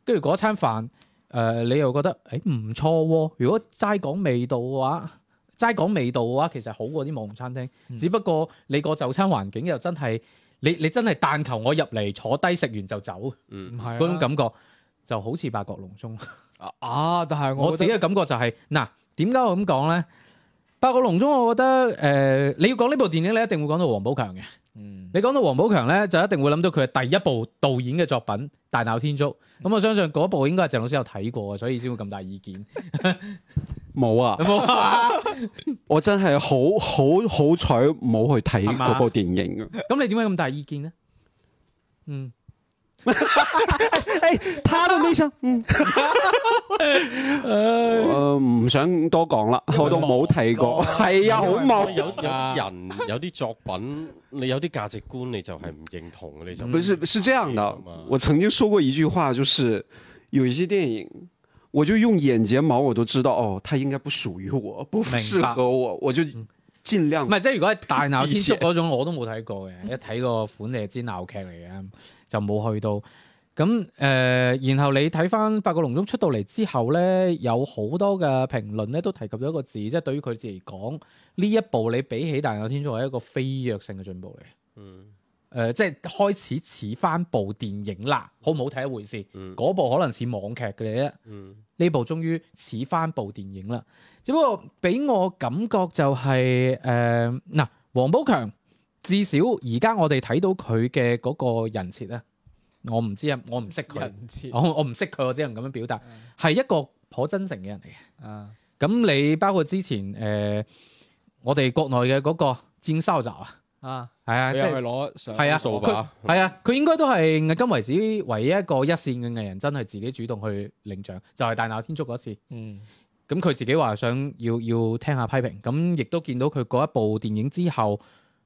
跟住嗰餐飯。誒、呃，你又覺得誒唔、欸、錯喎、啊？如果齋講味道嘅話，齋講、嗯、味道嘅話，其實好過啲網紅餐廳。嗯、只不過你個就餐環境又真係，你你真係但求，求我入嚟坐低食完就走，嗯，係嗰種感覺、嗯、就好似八角籠中啊！但係我，我自己嘅感覺就係、是、嗱，點解我咁講咧？八角籠中，我覺得誒、呃，你要講呢部電影，你一定會講到王寶強嘅。嗯，你講到王寶強咧，就一定會諗到佢係第一部導演嘅作品《大鬧天竺》。咁我相信嗰部應該係鄭老師有睇過，所以先會咁大意見。冇 [LAUGHS] 啊，冇啊，我真係好好好彩冇去睇嗰部電影嘅。咁吧 [LAUGHS] 你點解咁大意見呢？嗯。誒、 [LAUGHS] 哎哎，他都冇上，嗯，誒、 [LAUGHS] 哎，唔想多講啦，我都冇睇過，係啊，好冇。 [LAUGHS] 有有人，有啲作品，你有啲價值觀，你就係唔認同嘅，你就是不是是這樣的。我曾經說過一句話，就是有一些電影，我就用眼睫毛，我都知道，哦，它應該不屬於我，不適合我，明白 我就盡量。唔係、嗯， [LAUGHS] 即係如果係大鬧天竺嗰種， [LAUGHS] 我都冇睇過嘅，一睇個款就知鬧劇嚟嘅。就冇去到，咁誒、呃，然後你睇翻《八角籠中》出到嚟之後咧，有好多嘅評論咧，都提及咗一個字，即係對於佢哋嚟講，呢一部你比起《大鬧天宮》係一個飛躍性嘅進步嚟，嗯，誒、呃，即係開始似翻部電影啦，好唔好睇一回事，嗰、嗯、部可能似網劇嘅啫，嗯，呢部終於似翻部電影啦，只不過俾我感覺就係、是、誒，嗱、呃，王寶強。至少而家我哋睇到佢嘅嗰個人設咧，我唔知啊，我唔識佢，我我唔識佢，我只能咁樣表達，係切一個頗真誠嘅人嚟嘅。啊，咁你包括之前誒、呃，我哋國內嘅嗰個金掃帚啊，啊係啊，即係攞係啊，佢係 [LAUGHS] 啊，佢應該都係迄今為止唯一一個一線嘅藝人，真係自己主動去領獎，就係、是、大鬧天竺嗰次。嗯，咁佢自己話想要要聽下批評，咁亦都見到佢嗰一部電影之後。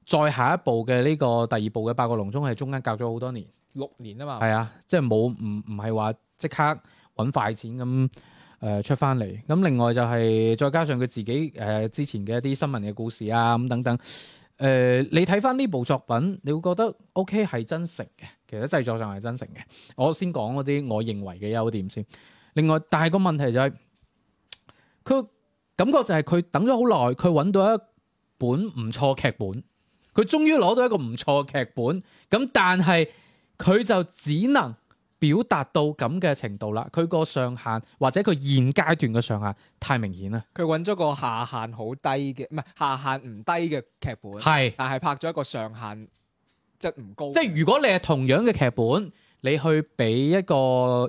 再下一部嘅呢個第二部嘅八角籠中，係中間隔咗好多年，六年啊嘛，係啊，即係冇唔唔係話即刻揾快錢咁誒、呃、出翻嚟。咁另外就係、是、再加上佢自己誒、呃、之前嘅一啲新聞嘅故事啊咁等等。誒、呃，你睇翻呢部作品，你會覺得 OK 係真誠嘅，其實製作上係真誠嘅。我先講嗰啲我認為嘅優點先。另外，但係個問題就係、是、佢感覺就係佢等咗好耐，佢揾到一本唔錯劇本。佢終於攞到一個唔錯嘅劇本，咁但係佢就只能表達到咁嘅程度啦。佢個上限或者佢現階段嘅上限太明顯啦。佢揾咗個下限好低嘅，唔係下限唔低嘅劇本，係，但係拍咗一個上限，即唔高。即係如果你係同樣嘅劇本，你去俾一個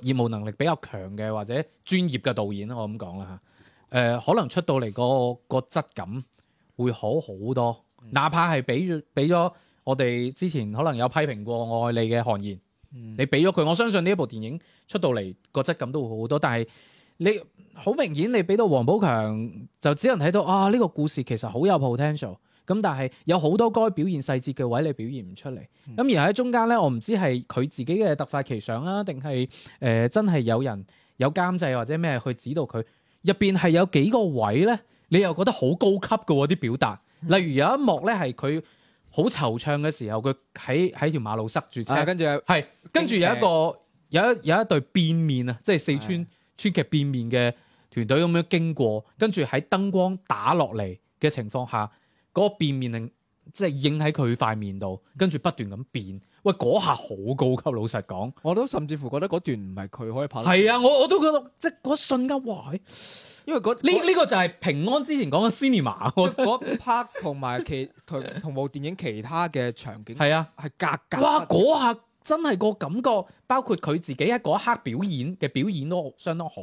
業務能力比較強嘅或者專業嘅導演，我咁講啦嚇，誒，呃，可能出到嚟個個質感會好好多。哪怕係俾住俾咗我哋之前可能有批評過愛你嘅韓延，嗯、你俾咗佢，我相信呢一部電影出到嚟個質感都會好多。但係你好明顯，你俾到王寶強就只能睇到啊呢、這個故事其實好有 potential 咁，但係有好多該表現細節嘅位你表現唔出嚟。咁、嗯、而喺中間呢，我唔知係佢自己嘅突發奇想啊，定係誒真係有人有監製或者咩去指導佢入邊係有幾個位呢，你又覺得好高級嘅啲表達。例如有一幕咧，係佢好惆悵嘅時候，佢喺喺條馬路塞住車，啊、跟住係跟住有一個有一有一隊變面啊，即係四川川劇變面嘅團隊咁樣經過，跟住喺燈光打落嚟嘅情況下，嗰個變面即係影喺佢塊面度，跟住不斷咁變。喂，嗰下好高級，老實講，我都甚至乎覺得嗰段唔係佢可以拍。係啊，我我都覺得即係嗰瞬間，哇！嘩，因為呢呢這那個就係平安之前講嘅 cinema 嗰嗰 part，同埋其同同部電影其他嘅場景。係啊，係格格。哇！嗰下真係個感覺，包括佢自己喺嗰一刻表演嘅表演都相當好。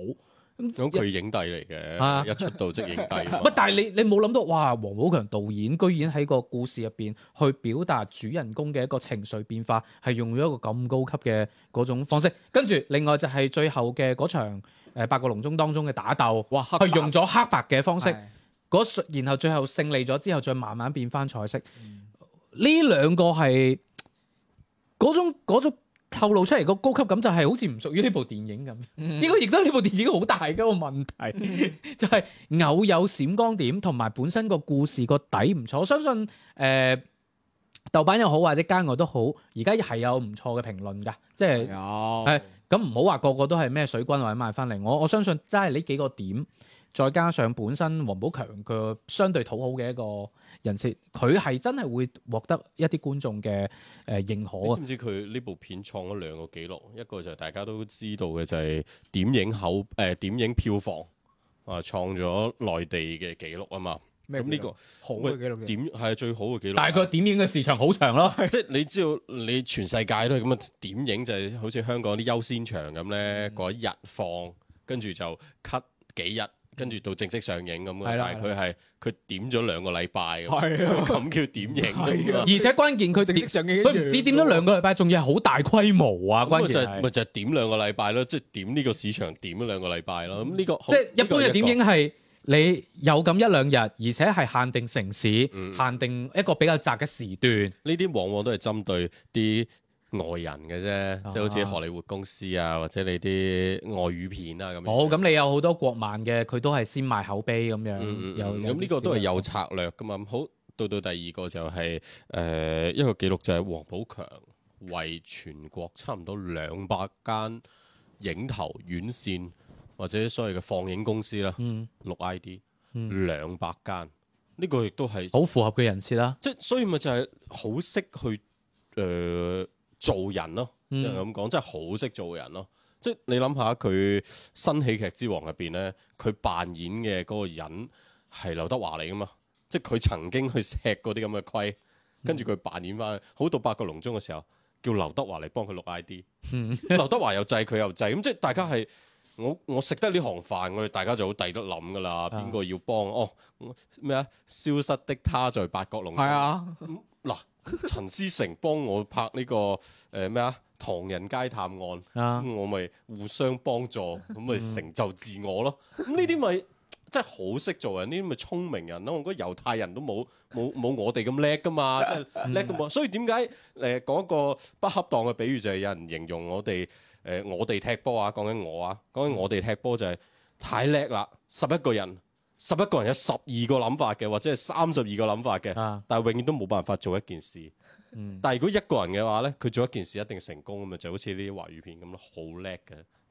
咁佢影帝嚟嘅，啊、一出道即影帝。唔但係你你冇諗到，哇！王寶強導演居然喺個故事入邊去表達主人公嘅一個情緒變化，係用咗一個咁高級嘅嗰種方式。跟住另外就係最後嘅嗰場、呃、八角籠中當中嘅打鬥，哇！係用咗黑白嘅方式的，然後最後勝利咗之後，再慢慢變返彩色。呢兩、嗯、個係嗰種嗰種。透露出嚟個高級感就係好似唔屬於呢部電影咁，呢、嗯、該亦都係呢部電影好大嘅個問題，嗯、 [LAUGHS] 就係偶有閃光點，同埋本身個故事個底唔錯。我相信誒、呃，豆瓣又好或者街外都好，而家係有唔錯嘅評論噶，即係誒咁唔好話個個都係咩水軍或者買翻嚟，我我，我相信真係呢幾個點。再加上本身王寶強嘅相對討好嘅一個人設，佢係真係會獲得一啲觀眾嘅誒認可你知唔知佢呢部片創咗兩個記錄，一個就大家都知道嘅就係點映後誒點映票房啊，創咗內地嘅記錄啊嘛！咁呢、這個好嘅記錄，點係最好嘅記錄，但係佢點映嘅時長好長咯！即係 [LAUGHS] 你知道你全世界都係咁啊！點映就係好似香港啲優先場咁咧，嗰、嗯、一日放，跟住就 cut 幾日。跟住到正式上映咁，但係佢係佢點咗兩個禮拜咁，咁叫點映。而且關鍵佢唔止點咗兩個禮拜，仲要係好大規模啊！關鍵咪就係點兩個禮拜咯，即係點呢個市場點咗兩個禮拜咯。咁呢個即係一般嘅點映係你有咁一兩日，而且係限定城市、限定一個比較窄嘅時段。呢啲往往都係針對啲。外人嘅啫，即係好似荷里活公司啊，或者你啲外語片啊咁。好，咁、哦、你有好多國漫嘅，佢都係先賣口碑咁樣。咁呢、嗯嗯嗯、個都係有策略噶嘛。好，到到第二個就係、是、誒、呃、一個紀錄就係王寶強為全國差唔多兩百間影頭院線或者所謂嘅放映公司啦。嗯。錄 I D，嗯，兩百間。呢、這個亦都係好符合嘅人設啦、啊。即係所以咪就係好識去誒。呃做人咯、啊，即係咁講，真係好識做人咯、啊。即、就、係、是、你諗下佢新喜劇之王入邊咧，佢扮演嘅嗰個人係劉德華嚟噶嘛？即係佢曾經去吃嗰啲咁嘅虧，跟住佢扮演翻，好到八角籠中嘅時候，叫劉德華嚟幫佢錄 I D，、嗯、 [LAUGHS] 劉德華又制佢又制，咁、嗯、即係大家係我我食得呢行飯，我哋大家就好抵得諗噶啦，邊個、啊、要幫哦？咩啊？消失的他在八角籠中。嗯、啊，嗱。 [LAUGHS] 陳思誠幫我拍呢、這個誒咩啊《唐人街探案》Yeah. 嗯，我咪互相幫助，咁咪成就自我咯。咁呢啲咪真係好識做人，呢啲咪聰明人咯。我覺得猶太人都冇冇冇我哋咁叻噶嘛，即係叻都冇。Yeah. 所以點解誒講個不恰當嘅比喻就係有人形容我哋誒、呃，我哋踢波啊，講緊我啊，講緊我哋踢波就係太叻啦，十一個人。十一個人有十二個諗法嘅，或者係三十二個諗法嘅，啊、但係永遠都冇辦法做一件事。嗯、但係如果一個人嘅話呢，佢做一件事一定成功咁嘛，就好似呢啲華語片咁咯，好叻嘅，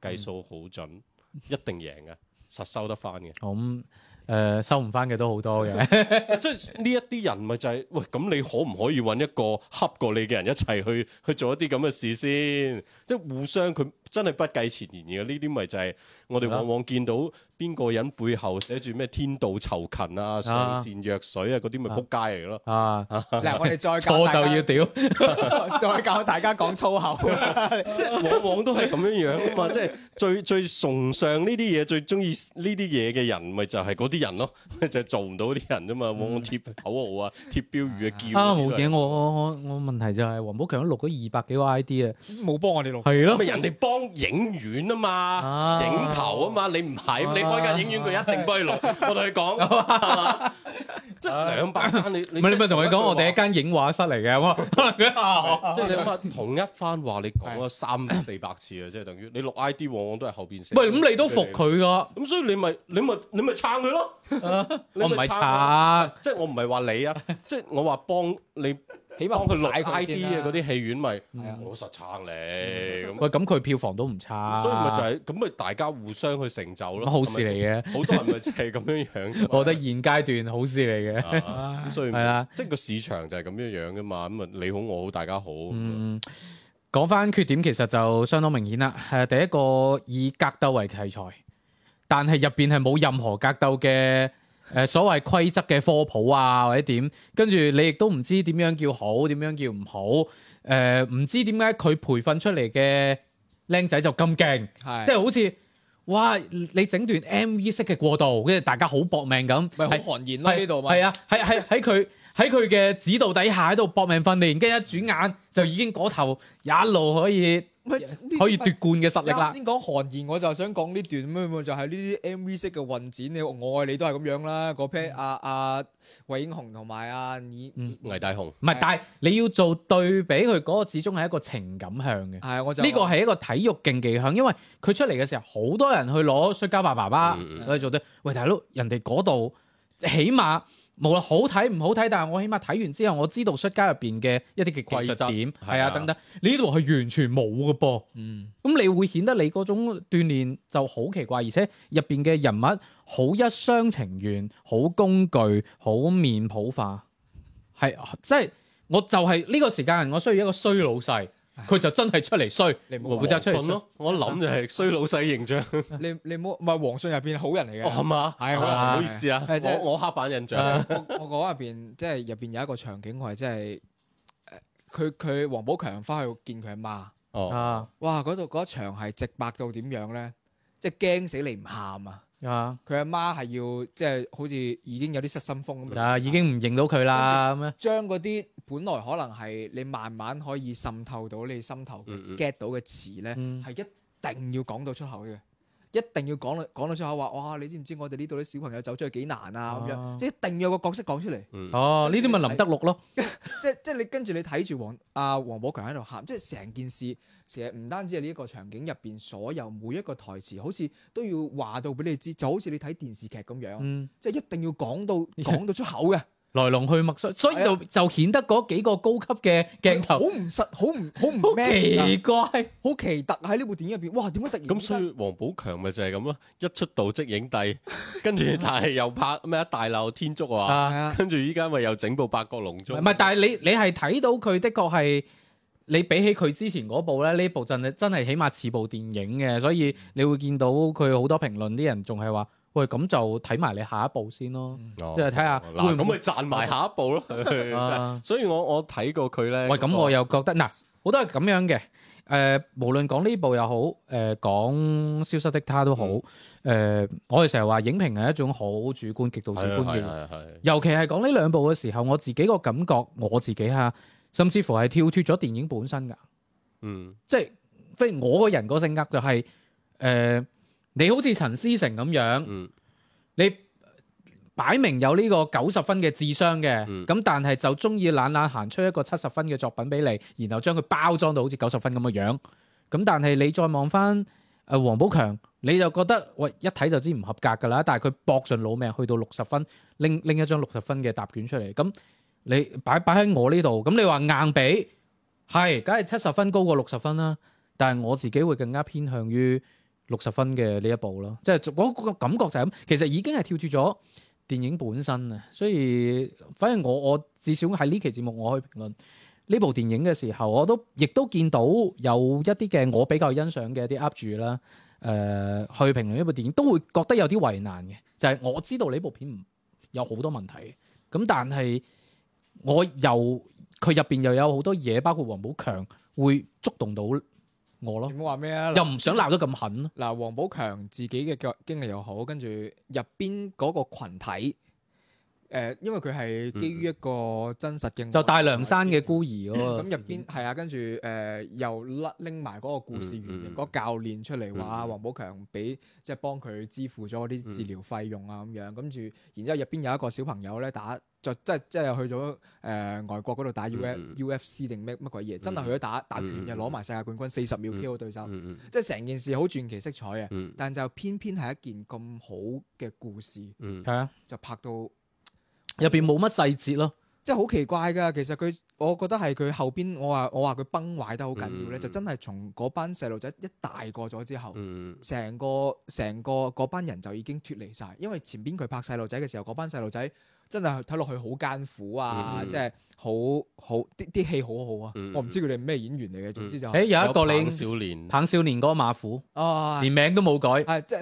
計數好準、嗯一，一定贏嘅，實收得翻嘅。咁誒、嗯呃，收唔翻嘅都好多嘅。即係呢一啲人咪就係、是，喂，咁你可唔可以揾一個恰過你嘅人一齊去去做一啲咁嘅事先？即係互相佢。真係不計前嫌嘅，呢啲咪就係我哋往往見到邊個人背後寫住咩天道酬勤啊、上善若水啊嗰啲咪仆街嚟嘅咯。啊，嗱 [LAUGHS] 我哋再錯就要屌， [LAUGHS] 再教大家講粗口，即 [LAUGHS] 係 [LAUGHS] 往往都係咁樣樣啊嘛！即、就、係、是、最最崇尚呢啲嘢，最中意呢啲嘢嘅人，咪就係嗰啲人咯，就係做唔到嗰啲人啫嘛！往往貼口號啊、貼標語啊，叫嗯、啊冇嘢，我我我我問題就係、是、王寶強錄咗二百幾個 ID 啊，冇幫我哋錄係咯，人哋幫。 [LAUGHS] 影院啊嘛，影頭啊嘛，你唔係，你開間影院佢一定不如錄，我同你講， [LAUGHS] 即係兩百蚊你。唔係你咪同佢講，我哋一間影畫室嚟嘅，即係你諗同一番話你講咗三四百次啊，即係等於你錄 I D 往往都係後邊寫。喂，咁、嗯、你都服佢噶，咁、嗯、所以你咪你咪你咪撐佢咯。我唔係撐，即係我唔係話你啊，即係我話幫你。 [LAUGHS] 起碼佢落 I D 嘅嗰啲戲院咪，我實撐你。喂，咁佢票房都唔差，所以咪就係咁咪大家互相去成就咯，好事嚟嘅。好多人咪就係咁樣樣，我覺得現階段好事嚟嘅，所以係啦，即係個市場就係咁樣樣噶嘛，咁啊你好我好大家好。嗯，講翻缺點其實就相當明顯啦。誒，第一個以格鬥為題材，但係入邊係冇任何格鬥嘅。誒，所謂規則嘅科普啊，或者點，跟住你亦都唔知點樣叫好，點樣叫唔好。誒、呃、唔知點解佢培訓出嚟嘅靚仔就咁勁，即係好似哇！你整段 M V 式嘅過渡，跟住大家好搏命咁，咪好寒言咯喺度嘛，係啊，喺喺喺佢喺佢嘅指導底下喺度搏命訓練，跟住一轉眼就已經嗰頭也一路可以。可以奪冠嘅實力啦。先講韓言，我就想講呢段咁就係呢啲 M V 式嘅混剪。你我愛你都係咁樣啦。嗰批阿阿魏英雄同埋阿倪魏大雄。唔係是，但係你要做對比，佢嗰個始終係一個情感向嘅。係，我就呢個係一個體育競技向，因為佢出嚟嘅時候，好多人去攞摔跤爸爸爸的去做對比。喂，大佬，人哋嗰度起碼。無論好睇唔好睇，但係我起碼睇完之後，我知道出家入邊嘅一啲嘅貴點，係啊等等，你呢度係完全冇㗎噃。嗯，咁你會顯得你嗰種鍛煉就好奇怪，而且入邊嘅人物好一廂情願，好工具，好面譜化，係啊，即係我就係呢個時間，我需要一個衰老細。佢就真係出嚟衰，胡志啊蠢咯！我諗就係衰老細形象。你你唔好，唔係黃信入邊係好人嚟嘅，係嘛、哦？係啊，唔好意思啊，是就是、我我刻板印象。我講入邊，即係入邊有一個場景，我係即係，佢佢王寶強翻去見佢阿媽。哦，哇！嗰度嗰一場係直白到點樣咧？即係驚死你唔喊啊！啊！佢阿媽係要即係、就是、好似已經有啲失心瘋咁，係、啊、已經唔認到佢啦咁樣，將嗰啲本來可能係你慢慢可以滲透到你心頭 get、嗯嗯、到嘅詞呢，係、嗯、一定要講到出口嘅。一定要講到講到出口，話哇！你知唔知我哋呢度啲小朋友走出去幾難啊？咁、啊、樣即係一定要有個角色講出嚟。哦、嗯，呢啲咪林德祿咯。即即係你跟住你睇住黃阿黃寶強喺度喊，即係成件事成日唔單止係呢一個場景入邊所有每一個台詞，好似都要話到俾你知，就好似你睇電視劇咁樣。即係、嗯、一定要講到講到出口嘅。 [LAUGHS] 來龍去脈，所以就就顯得嗰幾個高級嘅鏡頭好唔實，好唔好唔奇怪，好奇特喺呢部電影入邊。哇，點解突然咁、 [LAUGHS] 嗯？所以王寶強咪就係咁咯，一出道即影帝，跟住但係又拍咩大鬧天竺啊，跟住依家咪又整部八角籠中。唔係、啊，但係你你係睇到佢的確係，你比起佢之前嗰部咧，呢部真真係起碼似部電影嘅，所以你會見到佢好多評論，啲人仲係話。喂，咁就睇埋你下一步先咯，嗯、即係睇下會會，咁咪賺埋下一步咯。 [LAUGHS] [LAUGHS] 所以我，我我睇過佢咧。喂，咁我又覺得，嗱哇，好多係咁樣嘅。誒、呃，無論講呢部又好，誒、呃，講消失的她都好。誒、嗯呃，我哋成日話影評係一種好主觀、極度主觀嘅，哎哎哎、尤其係講呢兩部嘅時候，我自己個感覺，我自己吓，甚至乎係跳脱咗電影本身噶。嗯，即係，即係我個人個性格就係、是，誒、呃。呃你好似陳思成咁樣，嗯、你擺明有呢個九十分嘅智商嘅，咁、嗯、但係就中意懶懶行出一個七十分嘅作品俾你，然後將佢包裝到好似九十分咁嘅樣。咁但係你再望翻誒王寶強，你就覺得喂一睇就知唔合格噶啦。但係佢搏盡老命去到六十分，拎拎一張六十分嘅答卷出嚟。咁你擺擺喺我呢度，咁你話硬比係，梗係七十分高過六十分啦。但係我自己會更加偏向於。六十分嘅呢一部咯，即係嗰個感覺就係咁。其實已經係跳脫咗電影本身啊，所以反正我我至少喺呢期節目我去評論呢部電影嘅時候，我都亦都見到有一啲嘅我比較欣賞嘅一啲 up 主啦，誒、呃、去評論呢部電影都會覺得有啲為難嘅，就係、是、我知道呢部片唔有好多問題，咁但係我又佢入邊又有好多嘢，包括王寶強會觸動到。我咯，你冇話咩？又唔想鬧得咁狠咯。嗱，王寶強自己嘅腳經歷又好，跟住入邊嗰個群體。誒，因為佢係基於一個真實嘅，就大涼山嘅孤兒嗰咁入邊係啊，跟住誒、嗯、又甩拎埋嗰個故事原型，嗰、嗯嗯、個教練出嚟話、嗯、王寶強俾即係幫佢支付咗啲治療費用啊咁樣，跟住然之後入邊有一個小朋友咧打，就即係即係去咗誒、呃、外國嗰度打 U F U F C 定咩乜鬼嘢，真係去咗打、嗯、打拳又攞埋世界冠軍，四十秒 KO 對手，嗯嗯嗯嗯嗯、即係成件事好傳奇色彩啊。但就偏偏係一件咁好嘅故事，係啊、嗯嗯，就拍到。入邊冇乜細節咯，即係好奇怪噶其實佢，我覺得係佢後邊，我話我話佢崩壞得好緊要咧，就、嗯、真係從嗰班細路仔一大 io,、嗯、個咗之後，成個成個嗰班人就已經脫離晒。因為前邊佢拍細路仔嘅時候，嗰班細路仔真係睇落去好艱苦啊，即係好好啲啲戲好好啊。我唔知佢哋咩演員嚟嘅，總之就誒、是哎、有一個你棒少年，棒少年嗰個馬虎，啊、連名都冇改，即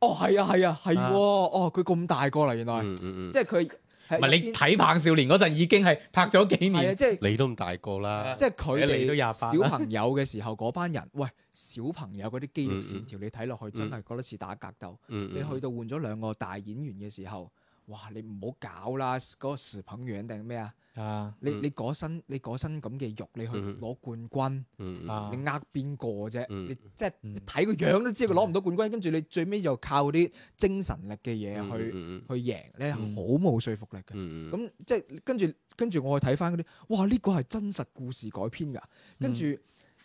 哦係啊係啊係，哦佢咁大個啦原來，即係佢。唔係你睇《棒少年》嗰陣，已經係拍咗幾年，就是、即係是你都唔大個啦，即係佢小朋友嘅時候班人， [LAUGHS] 喂小朋友啲肌肉線條你睇落去真係覺得似打格鬥，嗯嗯嗯嗯你去到換咗兩個大演員嘅時候。哇！你唔好搞啦，嗰、嗰個時捧樣定係咩啊？嗯、你你嗰身你嗰身咁嘅肉，你去攞冠軍，嗯嗯、你呃邊個啫？嗯、你即係睇個樣都知佢攞唔到冠軍，跟住你最尾就靠啲精神力嘅嘢去、嗯、去贏，你好冇說服力嘅。咁、嗯、即係跟住跟住我去睇翻嗰啲，哇！呢、呢個係真實故事改編噶，跟住。嗯。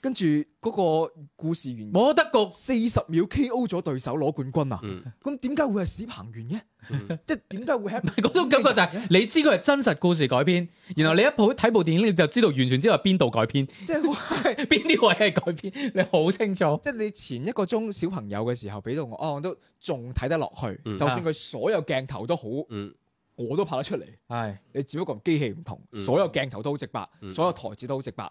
跟住嗰個故事完，我覺得個四十秒 KO 咗對手攞冠軍啊！咁點解會係史彭源嘅？即係點解會係嗰種感覺，就係你知佢係真實故事改編，然後你一睇部電影你就知道，完全知道係邊度改編，即係邊啲位係改編，你好清楚。即係你前一個鐘小朋友嘅時候俾到我，哦，我都仲睇得落去，就算佢所有鏡頭都好，我都拍得出嚟。係你只不過機器唔同，所有鏡頭都好直白，所有台詞都好直白。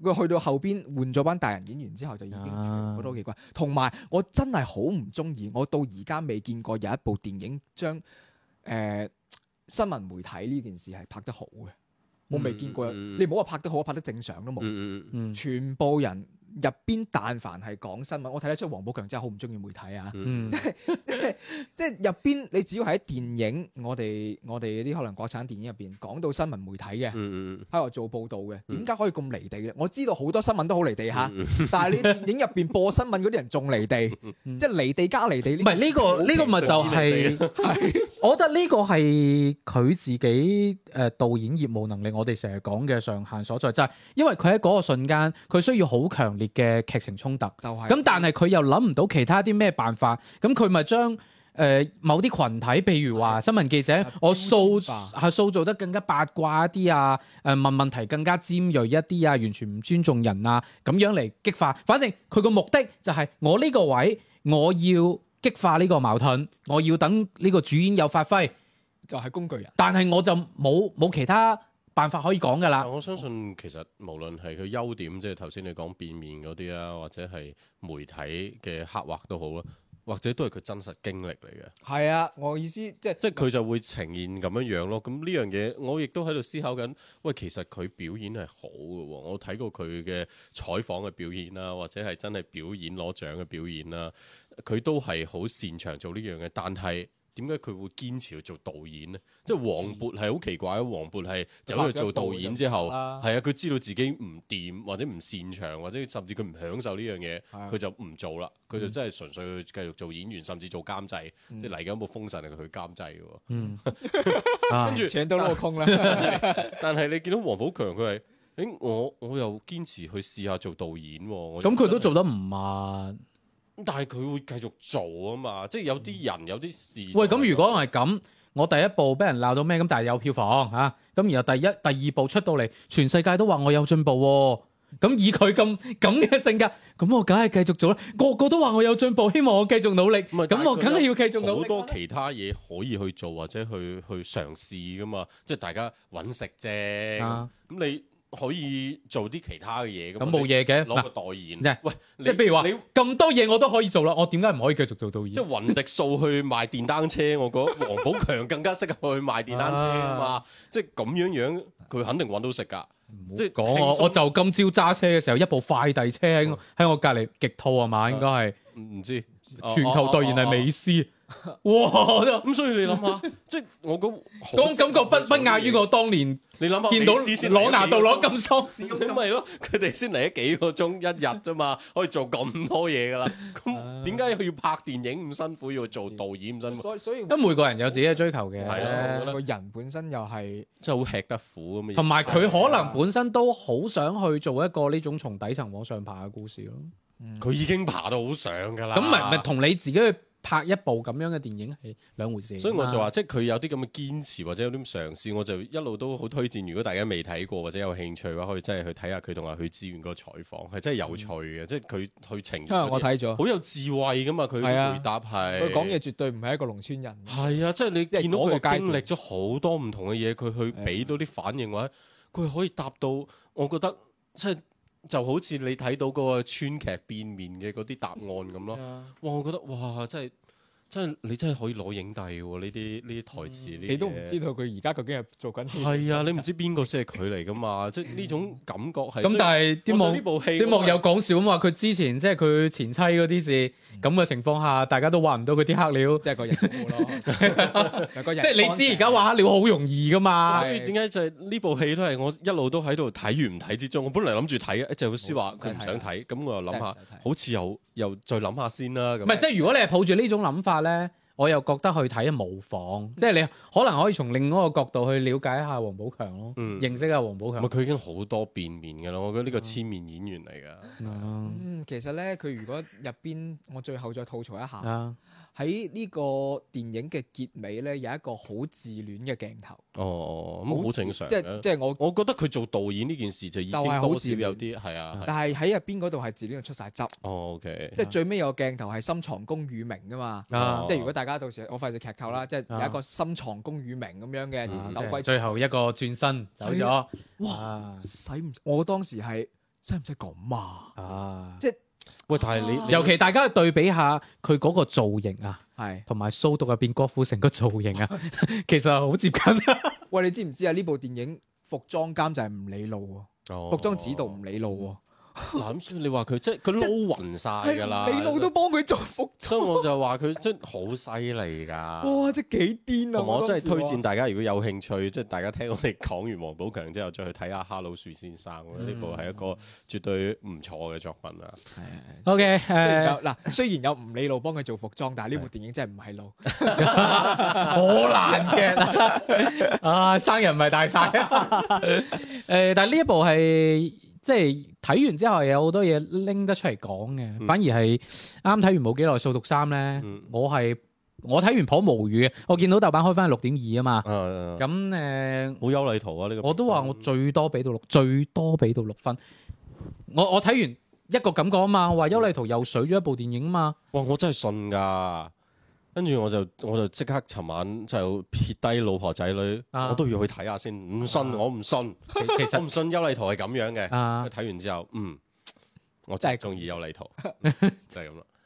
佢去到後邊換咗班大人演員之後，就已經全部都好奇怪。同埋、啊、我真係好唔中意，我到而家未見過有一部電影將誒、呃、新聞媒體呢件事係拍得好嘅。嗯、我未見過，嗯、你唔好話拍得好啊，拍得正常都冇，嗯嗯，全部人。入邊但凡係講新聞，我睇得出王寶強真係好唔中意媒體啊！即係即係入邊，你只要喺電影，我哋我哋啲可能國產電影入邊講到新聞媒體嘅，喺度做報道嘅，點解可以咁離地咧？我知道好多新聞都好離地吓，但係你影入邊播新聞嗰啲人仲離地，即係離地加離地。呢個呢個咪就係，我覺得呢個係佢自己誒導演業務能力，我哋成日講嘅上限所在，就係因為佢喺嗰個瞬間，佢需要好強烈。嘅劇情衝突，就係咁，但係佢又諗唔到其他啲咩辦法，咁佢咪將誒某啲群體，譬如話新聞記者，的我塑係塑造得更加八卦一啲啊，誒問問題更加尖銳一啲啊，完全唔尊重人啊，咁樣嚟激化。反正佢個目的就係我呢個位，我要激化呢個矛盾，我要等呢個主演有發揮，就係工具人。但係我就冇冇其他辦法可以講㗎喇，我相信其實無論係佢優點，即係頭先你講變面嗰啲啊，或者係媒體嘅刻畫都好啦，或者都係佢真實經歷嚟嘅。係啊，我意思、就是、即係即係佢就會呈現咁樣樣咯。咁呢樣嘢，那我亦都喺度思考緊。喂，其實佢表演係好嘅喎，我睇過佢嘅採訪嘅表演啦，或者係真係表演攞獎嘅表演啦，佢都係好擅長做呢樣嘅，但係。點解佢會堅持去做導演咧？即係黃渤係好奇怪啊！黃渤係走去做導演之後，係啊，佢知道自己唔掂或者唔擅長，或者甚至佢唔享受呢樣嘢，佢是的 就唔做啦。佢，嗯，就真係純粹去繼續做演員，甚至做監製。嗯、即係嚟緊一部封神係佢去監製嘅。跟住請到落空啦。但係你見到黃寶強佢係，誒、欸，我我又堅持去試下做導演。咁佢都做得唔慢。嗯嗯咁但係佢會繼續做啊嘛，即係有啲人有啲事。喂，咁、嗯、如果係咁，我第一部俾人鬧到咩咁？但係有票房嚇，咁、啊、然後第一、第二部出到嚟，全世界都話我有進步，哦。咁、嗯、以佢咁咁嘅性格，咁、嗯、我梗係繼續做啦。個個都話我有進步，希望我繼續努力。咁我梗係要繼續努力。好多其他嘢可以去做或者去去嘗試㗎嘛，即係大家揾食啫。咁、啊、你？可以做啲其他嘅嘢咁，冇嘢嘅攞個代言即係。喂，即係譬如話你咁多嘢，我都可以做啦。我點解唔可以繼續做導演？即係雲迪數去賣電單車，我覺得王寶強更加適合去賣電單車啊嘛。即係咁樣樣，佢肯定搵到食噶。即係講我，就今朝揸車嘅時候，一部快遞車喺我隔籬極兔啊嘛，應該係唔知全球代言係美斯。哇！咁所以你諗下，即係我感，感覺不不亞於我當年，你諗下見到攞牙到攞金梳，咪係咯？佢哋先嚟咗幾個鐘一日啫嘛，可以做咁多嘢噶啦。咁點解要拍電影咁辛苦，要做導演咁辛苦？所以所以，每個人有自己嘅追求嘅，係咯，個人本身又係即係好吃得苦咁嘅。同埋佢可能本身都好想去做一個呢種從底層往上爬嘅故事咯。佢已經爬到好上噶啦。咁咪咪同你自己，拍一部咁樣嘅電影係兩回事。所以我就話，嗯、即係佢有啲咁嘅堅持或者有啲嘗試，我就一路都好推薦。如果大家未睇過或者有興趣嘅話，可以真係去睇下佢同阿許知遠個採訪，係真係有趣嘅。即係佢去情，我睇咗，嗯、好有智慧噶嘛。佢、啊、回答係，佢講嘢絕對唔係一個農村人。係啊，即係你見到佢經歷咗好多唔同嘅嘢，佢去俾到啲反應的或者佢可以答到，我覺得真。即就好似你睇到嗰個川劇變臉嘅嗰啲答案咁咯。Yeah.，哇！我覺得哇，真係～真係你真係可以攞影帝喎！呢啲呢啲台詞，你都唔知道佢而家究竟係做緊。係啊，你唔知邊個先係佢嚟噶嘛？即係呢種感覺係。咁但係啲網啲網友講笑咁話，佢之前即係佢前妻嗰啲事咁嘅情況下，大家都挖唔到佢啲黑料，即係個人即係你知而家挖黑料好容易噶嘛？所以點解就係呢部戲都係我一路都喺度睇完唔睇之中。我本嚟諗住睇啊，鄭老師話佢唔想睇，咁我又諗下，好似又又再諗下先啦。唔，即係如果你係抱住呢種諗法。咧，我又覺得去睇模仿，即係你可能可以從另一個角度去了解一下王寶強咯，認識下王寶強。佢已經好多變面㗎喇，我覺得呢個千面演員嚟噶。嗯，是嗯，其實咧，佢如果入邊，我最後再吐槽一下。嗯喺呢個電影嘅結尾咧，有一個好自戀嘅鏡頭。哦，咁好正常。即即我，我覺得佢做導演呢件事就已經好自戀。有啲係啊。但係喺入邊嗰度係自戀出晒汁。哦，OK。即最尾有鏡頭係深藏功與名噶嘛？啊，即如果大家到時我費事劇透啦，即有一個深藏功與名咁樣嘅走鬼。最後一個轉身走咗。哇！使唔？我當時係使唔使講嘛？啊，即。喂，但係你，啊、尤其大家去對比下佢嗰個造型啊，係同埋《掃毒》入邊郭富城個造型啊， [LAUGHS] 其實好接近。啊。喂，你知唔知啊？呢部電影服裝監就係唔理路，哦、服裝指導唔理路。諗住你話佢即係佢撈勻晒噶啦，李路都幫佢做服裝，我就話佢真係好犀利噶。哇，即係幾癲啊！我真係推薦大家，如果有興趣，即係大家聽我哋講完王寶強之後，再去睇下《Hello 樹先生》呢部係一個絕對唔錯嘅作品啦。係 O K 誒，嗱，雖然有唔理路幫佢做服裝，但係呢部電影真係唔係路，好難嘅。啊，生人唔係大晒啊！誒，但係呢一部係。即係睇完之後有好多嘢拎得出嚟講嘅，嗯、反而係啱睇完冇幾耐《掃毒三》咧，我係我睇完頗無語嘅。我見到豆瓣開翻係六點二啊嘛，咁誒、啊，好邱禮濤啊，呢個我都話我最多俾到六、嗯，最多俾到六分。我我睇完一個咁講啊嘛，我話邱禮濤又水咗一部電影啊嘛。哇！我真係信噶～跟住我就我就即刻，尋晚就撇低老婆仔女，啊、我都要去睇下先。唔信我唔信，其實、啊、我唔信幽麗、啊、 [LAUGHS] 圖係咁樣嘅。睇、啊、完之後嗯，我真係中意幽麗圖，啊、就係咁啦。 [LAUGHS] [LAUGHS]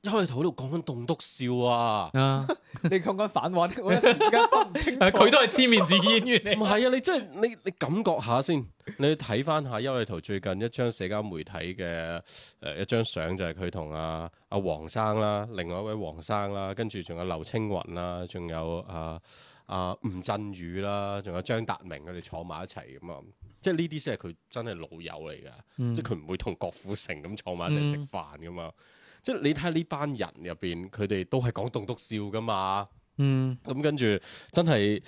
邱禮濤喺度講緊棟篤笑啊，啊 [LAUGHS] 你講緊反話，我而家分唔清佢、啊、 [LAUGHS] 都係千面子演員。唔係 [LAUGHS] 啊，你真係你你感覺下先，你睇翻下邱禮濤最近一張社交媒體嘅誒、呃、一張相、啊，就係佢同阿阿黃生啦，另外一位黃生啦，跟住仲有劉青雲啦，仲有啊啊吳鎮宇啦，仲有張達明佢哋坐埋一齊咁嘛，即係呢啲先係佢真係老友嚟噶，嗯、即係佢唔會同郭富城咁坐埋一齊食飯噶嘛。嗯即係你睇下呢班人入邊，佢哋都係講棟篤笑噶嘛。嗯。咁跟住，真係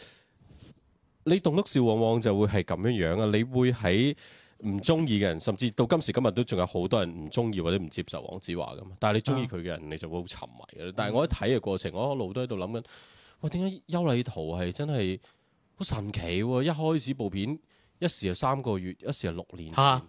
你棟篤笑往往就會係咁樣樣啊。你會喺唔中意嘅人，甚至到今時今日都仲有好多人唔中意或者唔接受黃子華噶嘛。但係你中意佢嘅人，啊、你就會好沉迷嘅。但係我一睇嘅過程，我一路都喺度諗緊，喂，點解邱禮濤係真係好神奇，啊？一開始部片一時係三個月，一時係六年。啊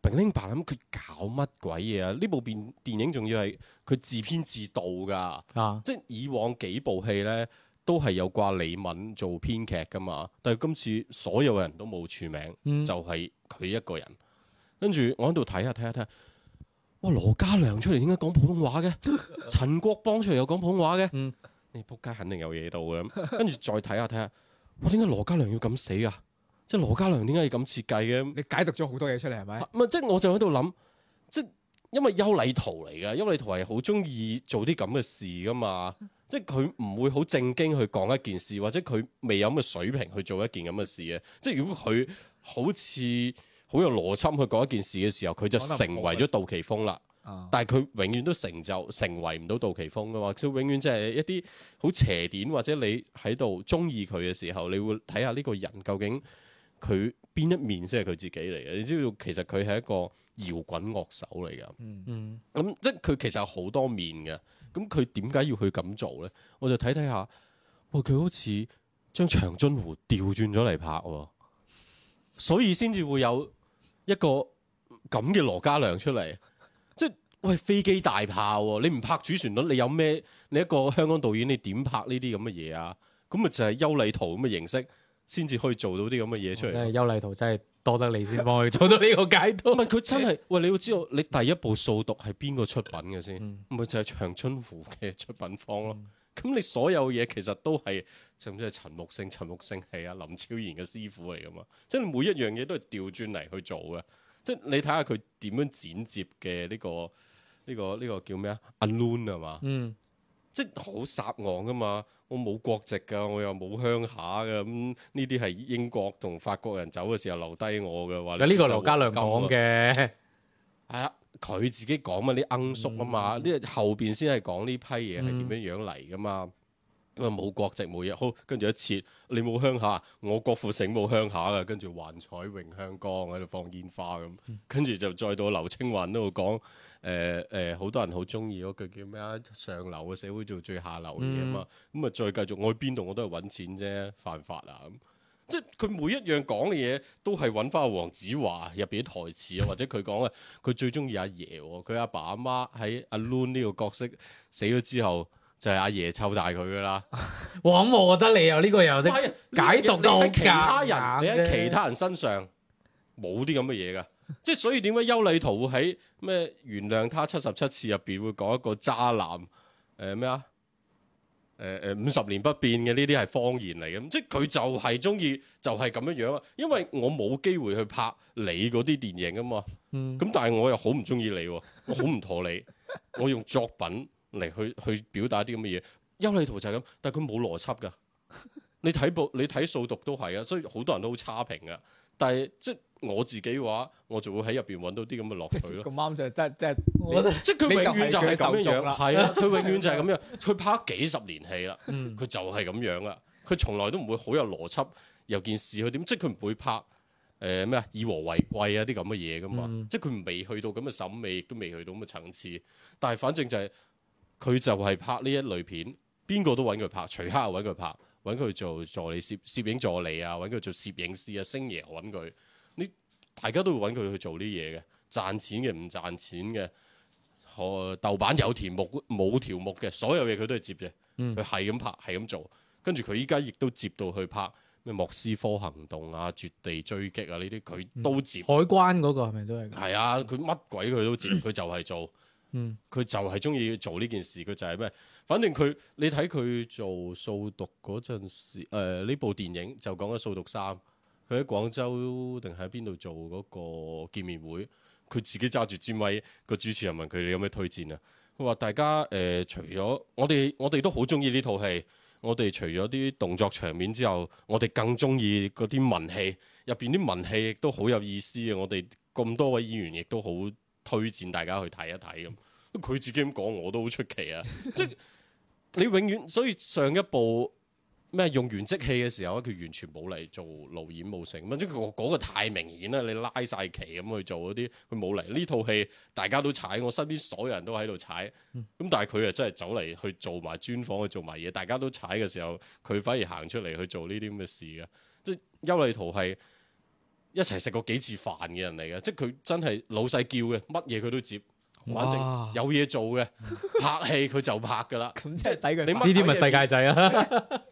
b l 白 n 諗佢搞乜鬼嘢啊？呢部片電影仲要係佢自編自導㗎，啊、即係以往幾部戲咧都係有掛李敏做編劇㗎嘛，但係今次所有人都冇署名，嗯、就係佢一個人。跟住我喺度睇下睇下睇下，哇！羅嘉良出嚟點解講普通話嘅？啊、陳國邦出嚟又講普通話嘅，你撲街肯定有嘢到嘅。跟住再睇下睇下，哇！點解羅嘉良要咁死啊？即係羅家良點解要咁設計嘅？你解讀咗好多嘢出嚟係咪？唔係，即係、 [MUSIC] 嗯就是、我就喺度諗，即係因為邱禮濤嚟嘅，邱禮濤係好中意做啲咁嘅事噶嘛。嗯、即係佢唔會好正經去講一件事，或者佢未有咁嘅水平去做一件咁嘅事嘅。即係如果佢好似好有邏輯去講一件事嘅時候，佢、嗯、就成為咗杜琪峰啦。嗯、但係佢永遠都成就成為唔到杜琪峰噶嘛。佢永遠即係一啲好邪典，或者你喺度中意佢嘅時候，你會睇下呢個人究竟。佢邊一面先係佢自己嚟嘅？你知道，其實佢係一個搖滾樂手嚟嘅。嗯咁、嗯、即係佢其實有好多面嘅。咁佢點解要去咁做咧？我就睇睇下，哇！佢好似將長津湖調轉咗嚟拍，所以先至會有一個咁嘅羅嘉良出嚟。即係喂飛機大炮，你唔拍主旋律，你有咩？你一個香港導演，你點拍呢啲咁嘅嘢啊？咁咪就係優麗圖咁嘅形式。先至可以做到啲咁嘅嘢出嚟。邱麗圖真係多得你先幫佢做到呢個解讀。唔係佢真係，欸、喂，你要知道你第一部掃毒係邊個出品嘅先？咪、嗯、就係長春湖嘅出品方咯。咁、嗯、你所有嘢其實都係，甚至係陳木勝，陳木勝係阿林超賢嘅師傅嚟噶嘛？即係每一樣嘢都係調轉嚟去做嘅。即係你睇下佢點樣剪接嘅呢、這個呢、這個呢、這個這個叫咩啊？阿 Lun 嘛？Un, 嗯。即係好撒岸噶嘛，我冇國籍噶，我又冇鄉下噶，咁呢啲係英國同法國人走嘅時候留低我嘅話。嗱，呢個劉家良講嘅，係啊，佢、哎、自己講嘅啲奀叔啊嘛，呢後邊先係講呢批嘢係點樣樣嚟噶嘛。嗯因為冇國籍冇嘢，好跟住一切。你冇鄉下，我郭富城冇鄉下嘅。跟住幻彩詠香江喺度放煙花咁。跟住就再到劉青雲嗰度講，誒、呃、誒，好、呃、多人好中意嗰句叫咩啊？上流嘅社會做最下流嘅嘢啊嘛。咁啊、嗯，再繼續，我去邊度我都係揾錢啫，犯法啊咁。即係佢每一樣講嘅嘢都係揾翻阿黃子華入邊啲台詞啊， [LAUGHS] 或者佢講啊，佢最中意阿爺。佢阿爸阿媽喺阿 Loon 呢個角色死咗之後。就係阿爺湊大佢噶啦， [LAUGHS] 哇！咁、嗯、我覺得你有呢個又啲解讀到、哎、其他人硬硬你喺其他人身上冇啲咁嘅嘢噶，即係所以點解邱禮濤會喺咩原諒他七十七次入邊會講一個渣男？誒咩啊？誒誒、呃呃、五十年不變嘅呢啲係謊言嚟嘅，即係佢就係中意就係咁、就是、樣樣啊！因為我冇機會去拍你嗰啲電影啊嘛，咁、嗯、但係我又好唔中意你，我好唔妥你，我用作品，嚟去去表達啲咁嘅嘢，邱禮濤就係咁，但係佢冇邏輯㗎。你睇報，你睇掃毒都係啊，所以好多人都好差評嘅。但係即係我自己話，我就會喺入邊揾到啲咁嘅樂趣咯。咁啱就即係即係，佢你永遠就係咁樣，係啊，佢 [LAUGHS] 永遠就係咁樣。佢 [LAUGHS] 拍幾十年戲啦，佢、嗯、就係咁樣啦。佢從來都唔會好有邏輯，有件事佢點，即係佢唔會拍誒咩、呃、以和為貴啊啲咁嘅嘢㗎嘛。嗯、即係佢未去到咁嘅審美，亦都未去到咁嘅層次。但係反正就係、是。佢就係拍呢一類片，邊個都揾佢拍，徐克又揾佢拍，揾佢做助理攝攝影助理啊，揾佢做攝影師啊，星爺揾佢，呢大家都會揾佢去做啲嘢嘅，賺錢嘅唔賺錢嘅，豆瓣有條目冇條目嘅，所有嘢佢都係接嘅，佢係咁拍係咁做，跟住佢依家亦都接到去拍咩莫斯科行動啊、絕地追擊啊呢啲，佢都接。嗯、海關嗰個係咪都係、那個？係啊，佢乜鬼佢都接，佢就係做。嗯嗯，佢就係中意做呢件事，佢就係咩？反正佢，你睇佢做掃毒嗰陣時，呢、呃、部電影就講緊掃毒三，佢喺廣州定係喺邊度做嗰個見面會，佢自己揸住支咪，個主持人問佢你有咩推薦啊？佢話大家誒、呃、除咗我哋，我哋都好中意呢套戲。我哋除咗啲動作場面之後，我哋更中意嗰啲文戲，入邊啲文戲亦都好有意思嘅。我哋咁多位演員亦都好。推薦大家去睇一睇咁。佢自己咁講我都好出奇啊！ [LAUGHS] 即係你永遠，所以上一部咩用完即棄嘅時候，佢完全冇嚟做路演無成咁，即係嗰個太明顯啦！你拉晒旗咁去做嗰啲，佢冇嚟呢套戲。大家都踩，我身邊所有人都喺度踩，咁但係佢啊真係走嚟去做埋專訪去做埋嘢，大家都踩嘅時候，佢反而行出嚟去做呢啲咁嘅事嘅，即係邱利圖係。一齊食過幾次飯嘅人嚟嘅，即係佢真係老細叫嘅，乜嘢佢都接，反正有嘢做嘅，哇拍戲佢就拍噶啦。即係睇佢。呢啲咪世界仔啊？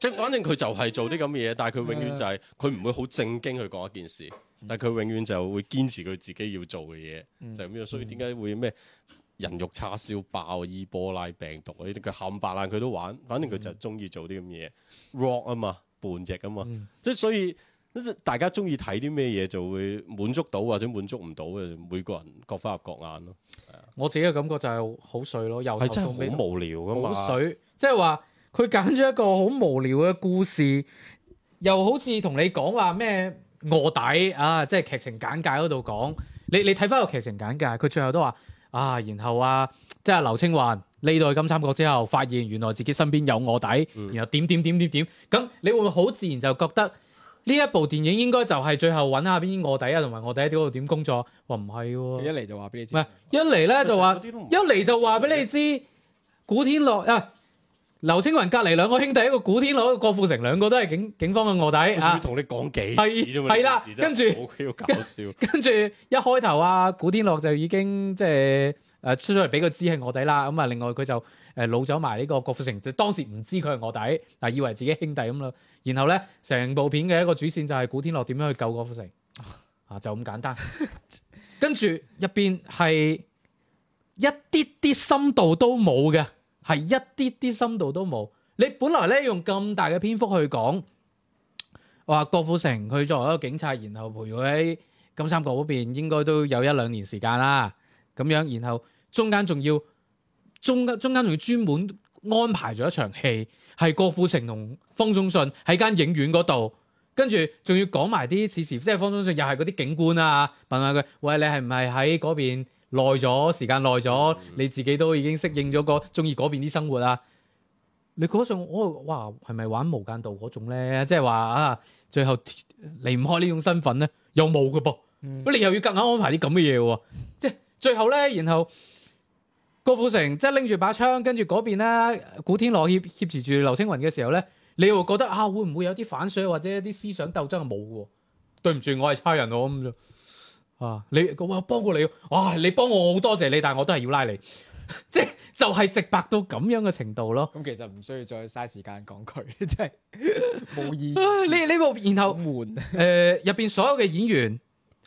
即係 [LAUGHS] 反正佢就係做啲咁嘅嘢，但係佢永遠就係佢唔會好正經去講一件事，但係佢永遠就會堅持佢自己要做嘅嘢，就咁、是、樣。所以點解會咩人肉叉燒包、伊波拉病毒呢啲佢冚白爛佢都玩，反正佢就中意做啲咁嘢 rock 啊嘛，半隻咁嘛。即係、嗯嗯嗯嗯嗯嗯、所以。所以所以所以大家中意睇啲咩嘢，就會滿足到或者滿足唔到嘅，每個人各花入各眼咯。我自己嘅感覺就係好水咯，又係真係好無聊噶嘛。好水，即係話佢揀咗一個好無聊嘅故事，又好似同你講話咩卧底啊，即係劇情簡介嗰度講。你你睇翻個劇情簡介，佢最後都話啊，然後啊，即係劉青雲呢度金三角之後發現原來自己身邊有卧底，然後點點點點點，點，咁你會好自然就覺得。呢一部電影應該就係最後揾下邊啲臥底啊，同埋臥底喺度點工作？話唔係喎，一嚟就話俾你知，唔係一嚟咧就話一嚟就話俾你知，古天樂啊、劉青雲隔離兩個兄弟，一個古天樂、一個郭富城，兩個都係警警方嘅臥底我要啊！同你講幾次都係啦，跟住好搞笑然後，跟 [LAUGHS] 住一開頭啊，古天樂就已經即係誒、啊、出咗嚟俾佢知係臥底啦。咁啊，啊，另外佢就。誒老走埋呢個郭富城，就當時唔知佢係卧底，嗱以為自己兄弟咁咯。然後咧，成部片嘅一個主線就係古天樂點樣去救郭富城， [LAUGHS] 啊就咁簡單。 [LAUGHS] 跟住入邊係一啲啲深度都冇嘅，係一啲啲深度都冇。你本來咧用咁大嘅篇幅去講，話郭富城佢作為一個警察，然後陪佢喺金三角嗰邊應該都有一兩年時間啦，咁樣，然後中間仲要。中間中間仲要專門安排咗一場戲，係郭富城同方中信喺間影院嗰度，跟住仲要講埋啲此事，即係方中信又係嗰啲警官啊，問下佢：喂，你係唔係喺嗰邊耐咗時間，耐咗你自己都已經適應咗個鍾意嗰邊啲生活啊？你嗰種我哇，係咪玩無間道嗰種咧？即係話啊，最後離唔開呢種身份咧，又冇嘅噃，你又要夾硬安排啲咁嘅嘢喎？即係最後咧，然後。郭富城即係拎住把槍，跟住嗰邊咧，古天樂挾挾持住劉青雲嘅時候咧，你會覺得啊，會唔會有啲反水或者啲思想鬥爭啊冇嘅？對唔住，我係差人我咁就啊，你我幫過你，哇、啊，你幫我好多謝你，但係我都係要拉你，即係就係直白到咁樣嘅程度咯。咁其實唔需要再嘥時間講佢，即係冇意義。呢呢部然後誒入邊所有嘅演員。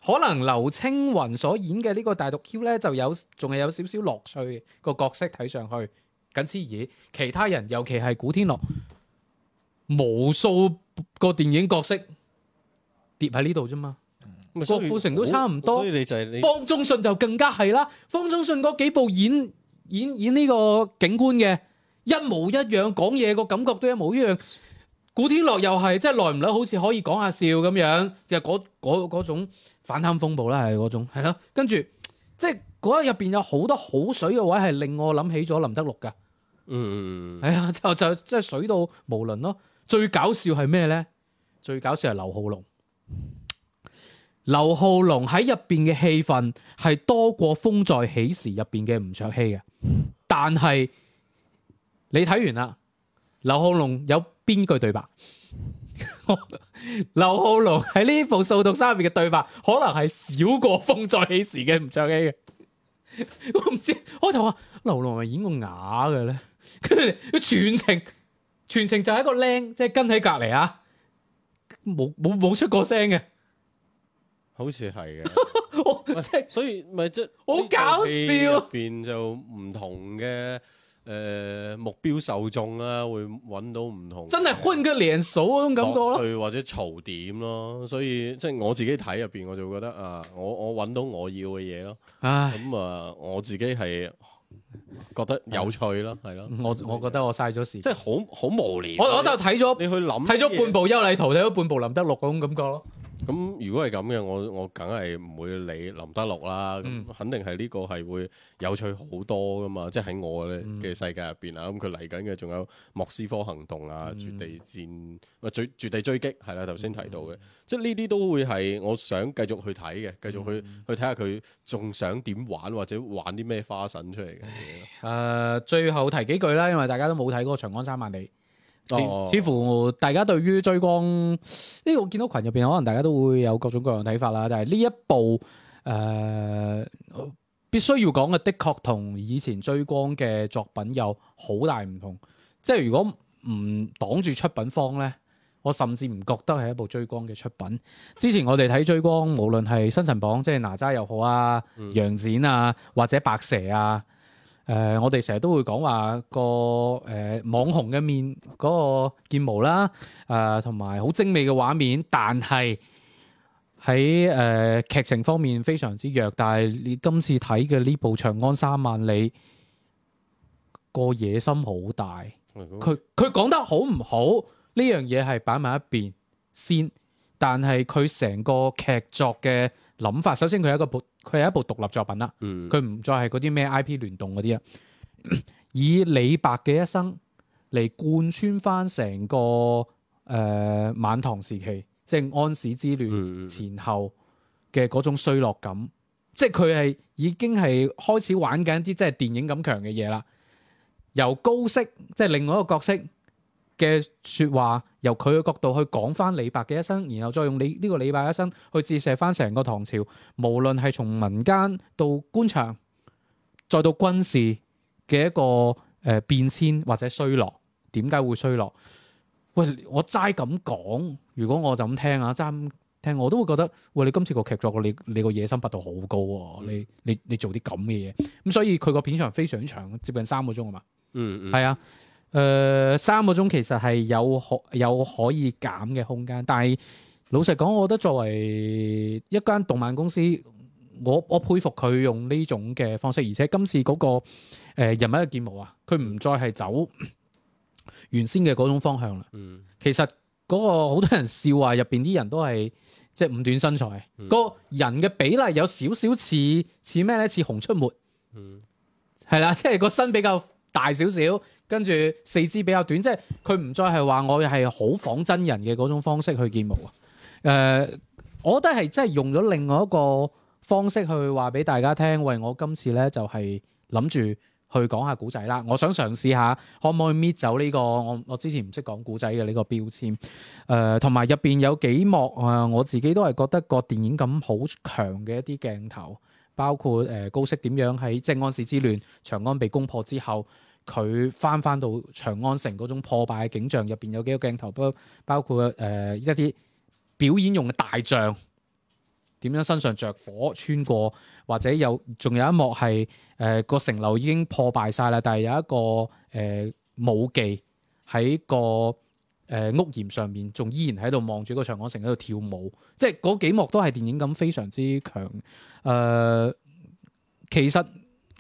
可能劉青雲所演嘅呢個大毒 Q 咧，就有仲係有少少樂趣嘅個角色，睇上去，僅此而已。其他人尤其係古天樂，無數個電影角色跌喺呢度啫嘛。嗯、郭富城都差唔多，所以你就係、是、方中信就更加係啦。方中信嗰幾部演演演呢個警官嘅一模一樣，講嘢個感覺都一模一樣。古天樂又係即係耐唔耐，就是、來來好似可以講下笑咁樣嘅嗰嗰種。反貪風暴啦，係嗰種，係咯，跟住即係日入邊有好多好水嘅位，係令我諗起咗林德祿噶。嗯，係啊、哎，就就即係水到無倫咯。最搞笑係咩咧？最搞笑係劉浩龍。劉浩龍喺入邊嘅戲份係多過《風再起時》入邊嘅吳卓羲嘅。但係你睇完啦，劉浩龍有邊句對白？劉 [LAUGHS] 浩龍喺呢部《掃毒三》入面嘅對白，可能係少過風再起時嘅唔卓 K 嘅。 [LAUGHS] 我唔知開頭話劉浩龍係演個啞嘅咧，佢 [LAUGHS] 全程全程就係一個靚，即係跟喺隔籬啊，冇冇冇出過聲嘅，好似係嘅。所以咪即好搞笑。入邊就唔同嘅。誒、呃，目標受眾啦，會揾到唔同，真係換個臉數嗰種感覺咯，去或者槽點咯，啊、所以即係、就是、我自己睇入邊，我就覺得啊，我我揾到我要嘅嘢咯，咁唉、嗯、啊，我自己係覺得有趣咯，係咯，我以我覺得我嘥咗事，即係好好無聊，我我就睇咗，你去諗睇咗半部《邱禮濤》，睇咗半部《林德祿》嗰種感覺咯。咁、嗯、如果係咁嘅，我我梗係唔會理林德祿啦。咁、嗯、肯定係呢個係會有趣好多噶嘛。即係喺我嘅世界入邊啊，咁佢嚟緊嘅仲有莫斯科行動啊、嗯、絕地戰，絕、絕絕地追擊係啦。頭先提到嘅，嗯、即係呢啲都會係我想繼續去睇嘅，繼續去、嗯、去睇下佢仲想點玩或者玩啲咩花臣出嚟嘅。誒、嗯呃，最後提幾句啦，因為大家都冇睇過長安三萬里。似乎、哦、大家對於追光呢個我見到群入邊，可能大家都會有各種各樣睇法啦。但係呢一部誒、呃，必須要講嘅的確同以前追光嘅作品有好大唔同。即係如果唔擋住出品方咧，我甚至唔覺得係一部追光嘅出品。之前我哋睇追光，無論係新神榜、即係哪吒又好啊、楊戩啊，或者白蛇啊。誒、呃，我哋成日都會講話個誒、呃、網紅嘅面嗰、那個建模啦，誒同埋好精美嘅畫面，但係喺誒劇情方面非常之弱。但係你今次睇嘅呢部《長安三萬里》，個野心好大。佢佢講得好唔好，呢樣嘢係擺埋一邊先，但係佢成個劇作嘅諗法，首先佢係一個部，佢係一部獨立作品啦。佢唔、嗯、再係嗰啲咩 IP 聯動嗰啲啦，以李白嘅一生嚟貫穿翻成個誒、呃、晚唐時期，即係安史之亂前後嘅嗰種衰落感。嗯、即係佢係已經係開始玩緊一啲即係電影感強嘅嘢啦，由高適，即係另外一個角色。嘅説話，由佢嘅角度去講翻李白嘅一生，然後再用你呢個李白一生去折射翻成個唐朝，無論係從民間到官場，再到軍事嘅一個誒變遷或者衰落，點解會衰落？喂，我齋咁講，如果我就咁聽啊，齋咁聽，我都會覺得，喂，你今次個劇作，你你個野心不度好高啊！你你你做啲咁嘅嘢，咁所以佢個片長非常長，接近三個鐘啊嘛。嗯嗯，係啊。誒、呃，三個鐘其實係有可有可以減嘅空間，但係老實講，我覺得作為一間動漫公司，我我佩服佢用呢種嘅方式，而且今次嗰個誒人物嘅建模啊，佢唔再係走原先嘅嗰種方向啦。嗯，其實嗰個好多人笑話入邊啲人都係即係五短身材，個、嗯、人嘅比例有少少似似咩咧？似熊出沒，嗯，係啦，即係個身比較。大少少，跟住四肢比較短，即係佢唔再係話我係好仿真人嘅嗰種方式去建模。誒、呃，我覺得係真係用咗另外一個方式去話俾大家聽，喂！我今次呢就係諗住去講下古仔啦，我想嘗試下可唔可以搣走呢個我我之前唔識講古仔嘅呢個標籤。誒、呃，同埋入邊有幾幕啊、呃，我自己都係覺得個電影感好強嘅一啲鏡頭，包括誒、呃、高適點樣喺正安史之亂、長安被攻破之後，佢翻翻到長安城嗰種破敗嘅景象，入邊有幾個鏡頭，包包括誒、呃、一啲表演用嘅大象點樣身上着火穿過，或者有仲有一幕係誒，個城樓已經破敗晒啦，但係有一個誒武、呃、技喺個誒、呃、屋檐上面，仲依然喺度望住個長安城喺度跳舞，即係嗰幾幕都係電影咁非常之強。誒、呃，其實。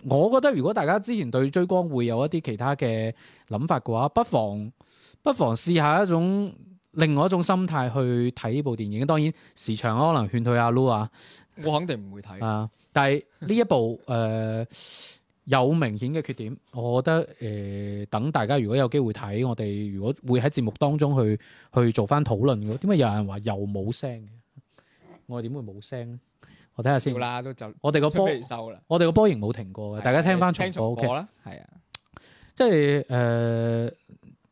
我覺得如果大家之前對追光會有一啲其他嘅諗法嘅話，不妨不妨試下一種另外一種心態去睇呢部電影。當然時長可能勸退阿 Lu 啊，我肯定唔會睇。啊， [LAUGHS] 但係呢一部誒、呃、有明顯嘅缺點，我覺得誒、呃、等大家如果有機會睇，我哋如果會喺節目當中去去做翻討論嘅，點解有人話又冇聲？我點會冇聲？我睇下先。了我哋個波，收我哋個波形冇停過嘅。的大家聽翻重播。O K。係啊，即係誒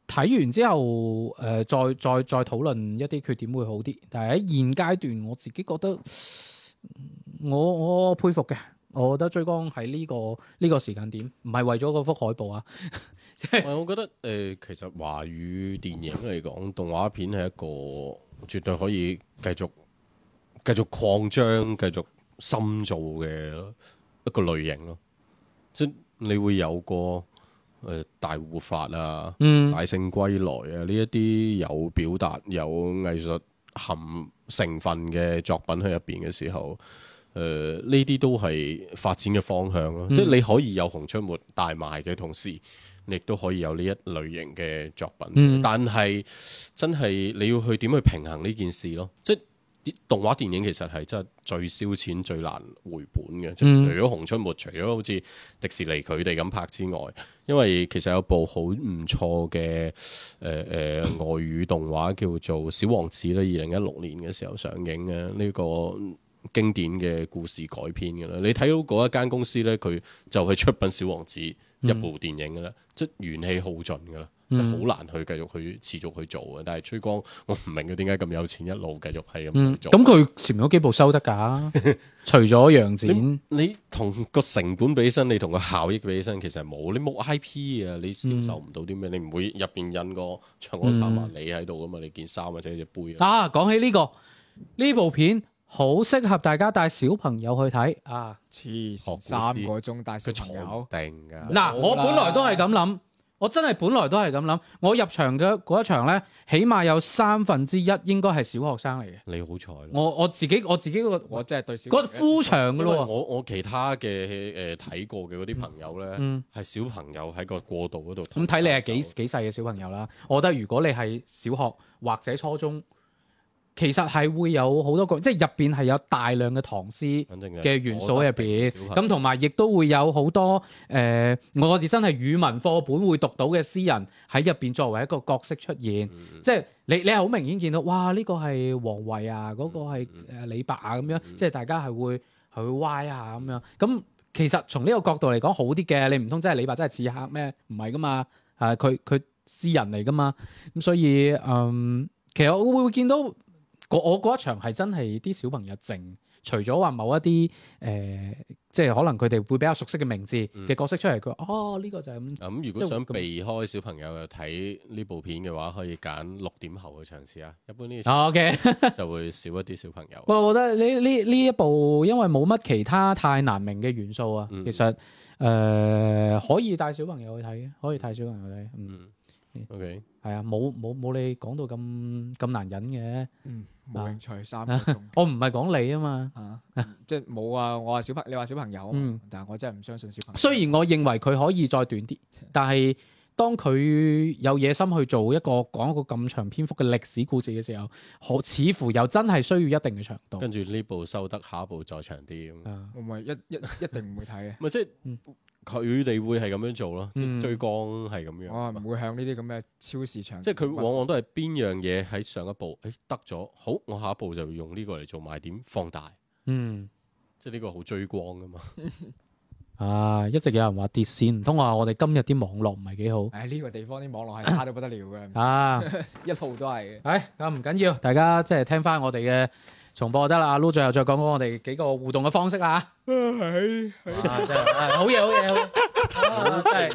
睇完之後誒、呃，再再再討論一啲缺點會好啲。但係喺現階段，我自己覺得我我佩服嘅，我覺得追光喺呢、這個呢、這個時間點，唔係為咗嗰幅海報啊。即 [LAUGHS] 係我覺得誒、呃，其實華語電影嚟講，動畫片係一個絕對可以繼續。繼續擴張、繼續深造嘅一個類型咯，即你會有個、呃、大護法啊、嗯、大聖歸來啊呢一啲有表達、有藝術含成分嘅作品喺入邊嘅時候，誒呢啲都係發展嘅方向咯、啊。嗯、即係你可以有熊出沒大賣嘅同時，你亦都可以有呢一類型嘅作品，嗯、但係真係你要去點去平衡呢件事咯，即啲動畫電影其實係真係最燒錢、最難回本嘅。即、嗯、除咗《熊出沒》，除咗好似迪士尼佢哋咁拍之外，因為其實有部好唔錯嘅誒誒外語動畫叫做《小王子》咧，二零一六年嘅時候上映嘅呢、呢個經典嘅故事改編嘅啦。你睇到嗰一間公司咧，佢就係出品《小王子》一部電影嘅啦，嗯、即係元氣耗盡嘅啦。好、嗯、難去繼續去持續去做啊。但係追光，我唔明佢點解咁有錢一路繼續係咁做。咁佢、嗯、前嗰幾部收得噶， [LAUGHS] 除咗楊戩，你同個成本比起身，你同個效益比起身，其實冇。你冇 IP 啊，你銷售唔到啲咩，你唔會入邊印個《長安三萬里》喺度噶嘛？你件衫或者隻杯啊？講起呢個呢部片，好適合大家帶小朋友去睇啊！黐線三個鐘帶小朋友定噶？嗱，我本來都係咁諗。我真係本來都係咁諗，我入場嘅嗰一場呢，起碼有三分之一應該係小學生嚟嘅。你好彩！我我自己我自己、嗰個，我真係對小嗰敷場嘅咯喎。我我其他嘅誒睇過嘅嗰啲朋友呢，係、嗯、小朋友喺個過渡嗰度。咁睇、嗯、你係幾幾細嘅小朋友啦，我覺得如果你係小學或者初中，其實係會有好多個，即係入邊係有大量嘅唐詩嘅元素喺入邊。咁同埋亦都會有好多誒、呃，我哋真係語文課本會讀到嘅詩人喺入邊作為一個角色出現。嗯嗯、即係你你係好明顯見到，哇！呢、這個係王維啊，嗰、這個係李白啊，咁、這個啊、樣、嗯嗯、即係大家係會去歪下咁樣。咁、嗯、其實從呢個角度嚟講，好啲嘅。你唔通真係李白真係刺客咩？唔係㗎嘛，係佢佢詩人嚟㗎嘛。咁所以嗯，其實我會見到。我嗰一場係真係啲小朋友靜，除咗話某一啲誒、呃，即係可能佢哋會比較熟悉嘅名字嘅角色出嚟，佢哦，呢、呢個就係咁。咁、嗯、如果想避開小朋友去睇呢部片嘅話，可以揀六點後嘅場次啊。一般呢就會少一啲小朋友。不過 [LAUGHS] 我覺得呢呢呢一部因為冇乜其他太難明嘅元素啊，其實誒、嗯呃、可以帶小朋友去睇嘅，可以帶小朋友睇。嗯。嗯。O K，係啊，冇冇冇你講到咁咁難忍嘅，嗯，冇興趣三， [LAUGHS] 我唔係講你啊嘛，啊，即係冇啊，我話小朋，你話小朋友，嗯、啊， [NOISE] 但係我真係唔相信小朋友。雖然我認為佢可以再短啲，嗯、但係當佢有野心去做一個講一個咁長篇幅嘅歷史故事嘅時候，好似乎又真係需要一定嘅長度。跟住呢部收得，下一部再長啲，啊、嗯，唔係一一一定唔會睇嘅，咪即係。嗯佢哋會係咁樣做咯，嗯、即追光係咁樣。我唔、哦哦、會向呢啲咁嘅超市場。即係佢往往都係邊樣嘢喺上一步，誒、哎、得咗，好，我下一步就用呢個嚟做賣點放大。嗯，即係呢個好追光噶嘛。 [LAUGHS] 啊，一直有人話跌線唔通話，我哋今日啲網絡唔係幾好。誒、哎，呢、這個地方啲網絡係差到不得了嘅。啊，一路都係。唉，咁唔緊要，大家即係聽翻我哋嘅。重播就得啦，阿 Lo 最後再講講我哋幾個互動嘅方式啦吓。啊係係，好嘢好嘢。 [MUSIC] [LAUGHS] 啊哎、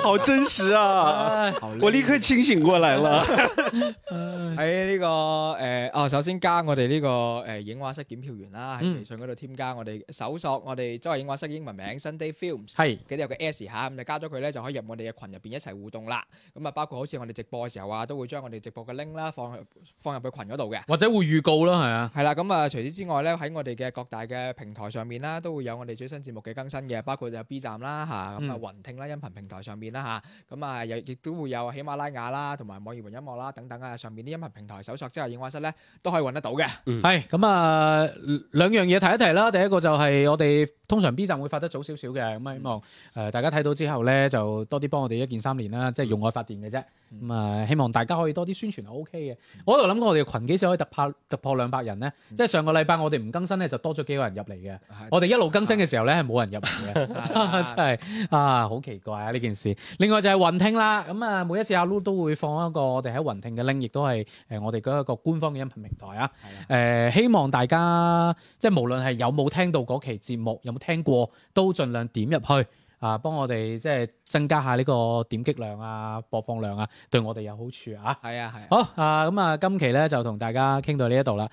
好真實啊！ [LAUGHS] 靚我呢刻清醒過嚟喇。喺 [LAUGHS] 呢、 [LAUGHS] 哎這個誒，哦、呃，首先加我哋呢、這個誒、呃、映畫室檢票員啦，喺、嗯、微信嗰度添加我哋，搜索我哋周日映畫室英文名 Sunday Films，係記得有個 S 吓、嗯，咁就、啊、加咗佢咧，就可以入我哋嘅群入邊一齊互動啦。咁啊是，包括好似我哋直播嘅時候啊，都會將我哋直播嘅 link 啦放放入去群嗰度嘅，或者會預告咯，係啊。係啦，咁、嗯、啊，除此之外咧，喺我哋嘅各大嘅平台上面啦，都會有我哋最新節目嘅更新嘅，包括有 B 站啦吓。啊咁啊，雲聽啦，音頻平台上面啦吓，咁啊，又亦都會有喜馬拉雅啦，同埋網易雲音樂啦等等啊，上面啲音頻平台搜索之後影畫室咧，都可以揾得到嘅。係咁啊，兩樣嘢提一提啦。第一個就係我哋通常 B 站會發得早少少嘅，咁啊，希望誒大家睇到之後咧，就多啲幫我哋一鍵三連啦，即係用愛發電嘅啫。咁啊，嗯、希望大家可以多啲宣傳 OK 嘅。嗯、我喺度諗，我哋群幾時可以突破突破兩百人咧？嗯、即係上個禮拜我哋唔更新咧，就多咗幾個人入嚟嘅。啊、我哋一路更新嘅時候咧，係冇人入嚟嘅，真係啊，好、啊 [LAUGHS] 啊、奇怪啊呢件事。另外就係雲聽啦，咁、嗯、啊，每一次阿 Loo 都會放一個我哋喺雲聽嘅 link，亦都係誒我哋嗰一個官方嘅音頻平台啊。誒的、呃，希望大家即係無論係有冇聽到嗰期節目，有冇聽過，都盡量點入去。啊，幫我哋即係增加下呢個點擊量啊，播放量啊，對我哋有好處啊。係啊，係。好啊，咁啊，今期咧就同大家傾到呢一度啦。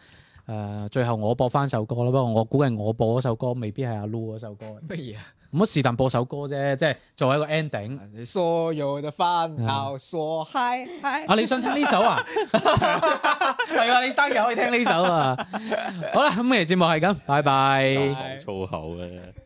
誒，最後我播翻首歌啦，不過我估計我播首歌未必係阿 Lo 嗰首歌。乜嘢啊？咁啊，是但播首歌啫，即係作為一個 ending。所有的煩惱說嗨嗨。啊，你想聽呢首啊？係啊，你生日可以聽呢首啊。好啦，咁期節目係咁，拜拜。粗口嘅。